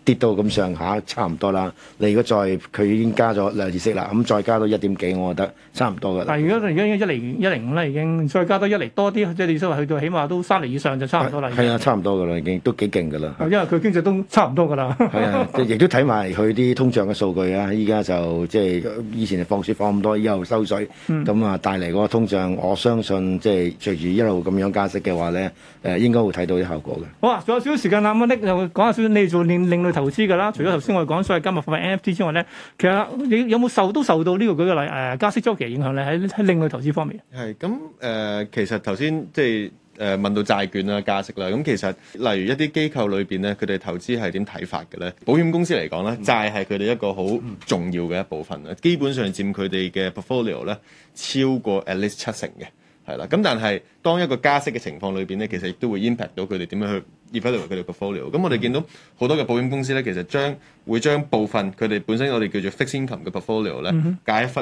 跌到咁上下，差唔多啦。你如果再佢。加咗兩字息啦，咁再加到一點幾，我覺得。差唔多噶，但係如果而家一零一零五咧，已經再加多一厘多啲，即係你所謂去到起碼都三厘以上就差唔多啦。係啊，啊，差唔多噶啦，已經都幾勁噶啦。因為佢經濟都差唔多噶啦。係啊，亦 都睇埋佢啲通脹嘅數據啊！依家就即係以前係放水放咁多，以後收水，咁啊、嗯、帶嚟嗰個通脹，我相信即係隨住一路咁樣加息嘅話咧，誒應該會睇到啲效果嘅。好啊，仲有少少時間，阿阿 n i 講一下少少，你做另另類投資㗎啦。除咗頭先我哋講所謂今日發 NFT 之外咧，其實你有冇受都受到呢個舉個例誒、呃、加息周期？影響咧喺喺另外投資方面。係咁誒，其實頭先即係誒問到債券啦、加息啦，咁、嗯、其實例如一啲機構裏邊咧，佢哋投資係點睇法嘅咧？保險公司嚟講咧，債係佢哋一個好重要嘅一部分啦，基本上佔佢哋嘅 portfolio 咧超過 at least 七成嘅，係啦。咁、嗯、但係當一個加息嘅情況裏邊咧，其實亦都會 impact 到佢哋點樣去 evaluate 佢哋嘅 portfolio、嗯。咁我哋見到好多嘅保險公司咧，其實將會將部分佢哋本身我哋叫做 fixed income 嘅 portfolio 咧，加一忽。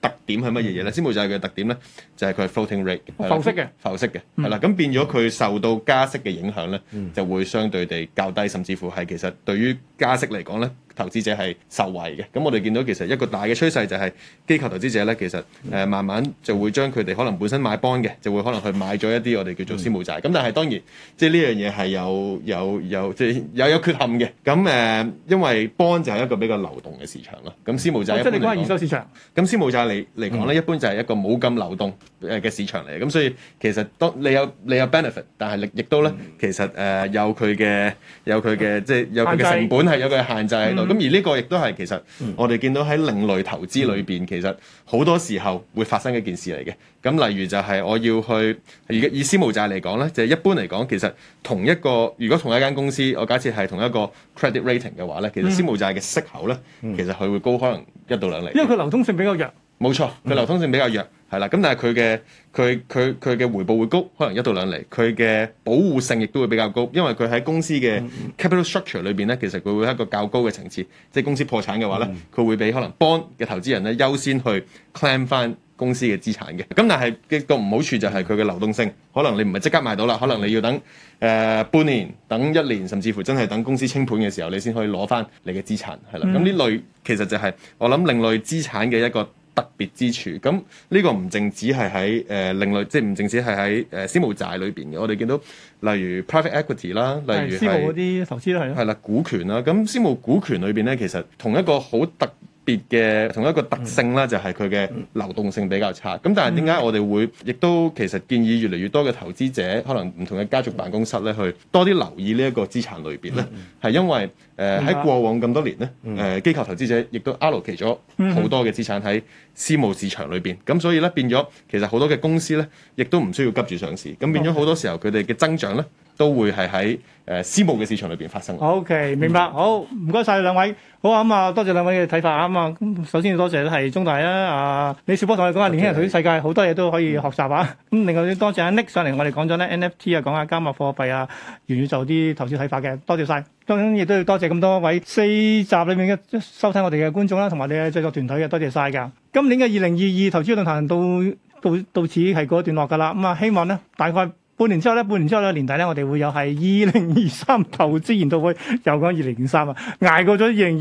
特點係乜嘢嘢咧？私募債嘅特點咧，就係佢係 floating rate，浮息嘅，浮息嘅，係啦。咁變咗佢受到加息嘅影響咧，就會相對地較低，甚至乎係其實對於加息嚟講咧，投資者係受惠嘅。咁我哋見到其實一個大嘅趨勢就係機構投資者咧，其實誒慢慢就會將佢哋可能本身買 bond 嘅，就會可能去買咗一啲我哋叫做私募債。咁但係當然，即係呢樣嘢係有有有即係又有缺陷嘅。咁誒，因為 bond 就係一個比較流動嘅市場啦。咁私募債即係你講係二手市場。咁私募債，嚟嚟講咧，一般就係一個冇咁流動嘅市場嚟，咁所以其實當你有你有 benefit，但係亦都咧其實誒、呃、有佢嘅有佢嘅、嗯、即係有佢嘅成本係有佢嘅限制喺度。咁、嗯、而呢個亦都係其實我哋見到喺另類投資裏邊，嗯、其實好多時候會發生一件事嚟嘅。咁例如就係我要去以以私募債嚟講咧，就係、是、一般嚟講，其實同一個如果同一間公司，我假設係同一個 credit rating 嘅話咧，其實私募債嘅息口咧，其實佢會高可能一到兩厘，因為佢流通性比較弱。冇錯，佢流通性比較弱，係啦、嗯。咁但係佢嘅佢佢佢嘅回報會高，可能一到兩厘，佢嘅保護性亦都會比較高，因為佢喺公司嘅 capital structure 裏邊咧，其實佢會一個較高嘅層次。即係公司破產嘅話咧，佢、嗯、會俾可能 bond 嘅投資人咧優先去 claim 翻公司嘅資產嘅。咁但係一個唔好處就係佢嘅流動性，可能你唔係即刻買到啦，可能你要等誒、呃、半年、等一年，甚至乎真係等公司清盤嘅時候，你先可以攞翻你嘅資產係啦。咁呢、嗯、類其實就係、是、我諗另類資產嘅一個。特別之處，咁呢個唔淨止係喺誒另類，即係唔淨止係喺誒私募債裏邊嘅。我哋見到例如 private equity 啦，例如私募嗰啲投資啦，係啦，係啦，股權啦。咁私募股權裏邊咧，其實同一個好特。別嘅同一個特性啦，嗯、就係佢嘅流動性比較差。咁、嗯、但係點解我哋會亦、嗯、都其實建議越嚟越多嘅投資者、嗯、可能唔同嘅家族辦公室咧，去多啲留意資呢一個資產類別咧，係、嗯、因為誒喺過往咁多年咧誒、嗯嗯、機構投資者亦都啱落期咗好多嘅資產喺私募市場裏邊，咁所以咧變咗其實好多嘅公司咧，亦都唔需要急住上市，咁變咗好多時候佢哋嘅增長咧。都會係喺誒私募嘅市場裏邊發生。O、okay, K，明白，好唔該晒兩位，好啊咁啊，多謝兩位嘅睇法啊咁啊，首先要多謝咧係中大啦，阿李兆波同佢講下年輕人佢啲世界好多嘢都可以學習啊，咁 另外咧多謝阿、啊、Nick 上嚟，我哋講咗咧 N F T 啊，講下加密貨幣啊，元宇宙啲投資睇法嘅，多謝晒！當然亦都要多謝咁多，多位四集裏面嘅收聽我哋嘅觀眾啦，同埋你嘅製作團隊嘅，多謝晒㗎。今年嘅二零二二投資論壇到到到，到此係嗰段落㗎啦，咁、嗯、啊希望咧大概。半年之後咧，半年之後咧，年底咧，我哋會有係二零二三投資研討會，又講二零二三啊，捱過咗二零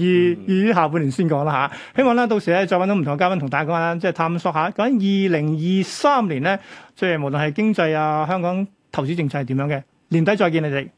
二二下半年先講啦吓，希望咧，到時咧，再揾到唔同嘅嘉賓同大家講下，即係探索下講二零二三年咧，即係無論係經濟啊，香港投資政策係點樣嘅。年底再見你哋。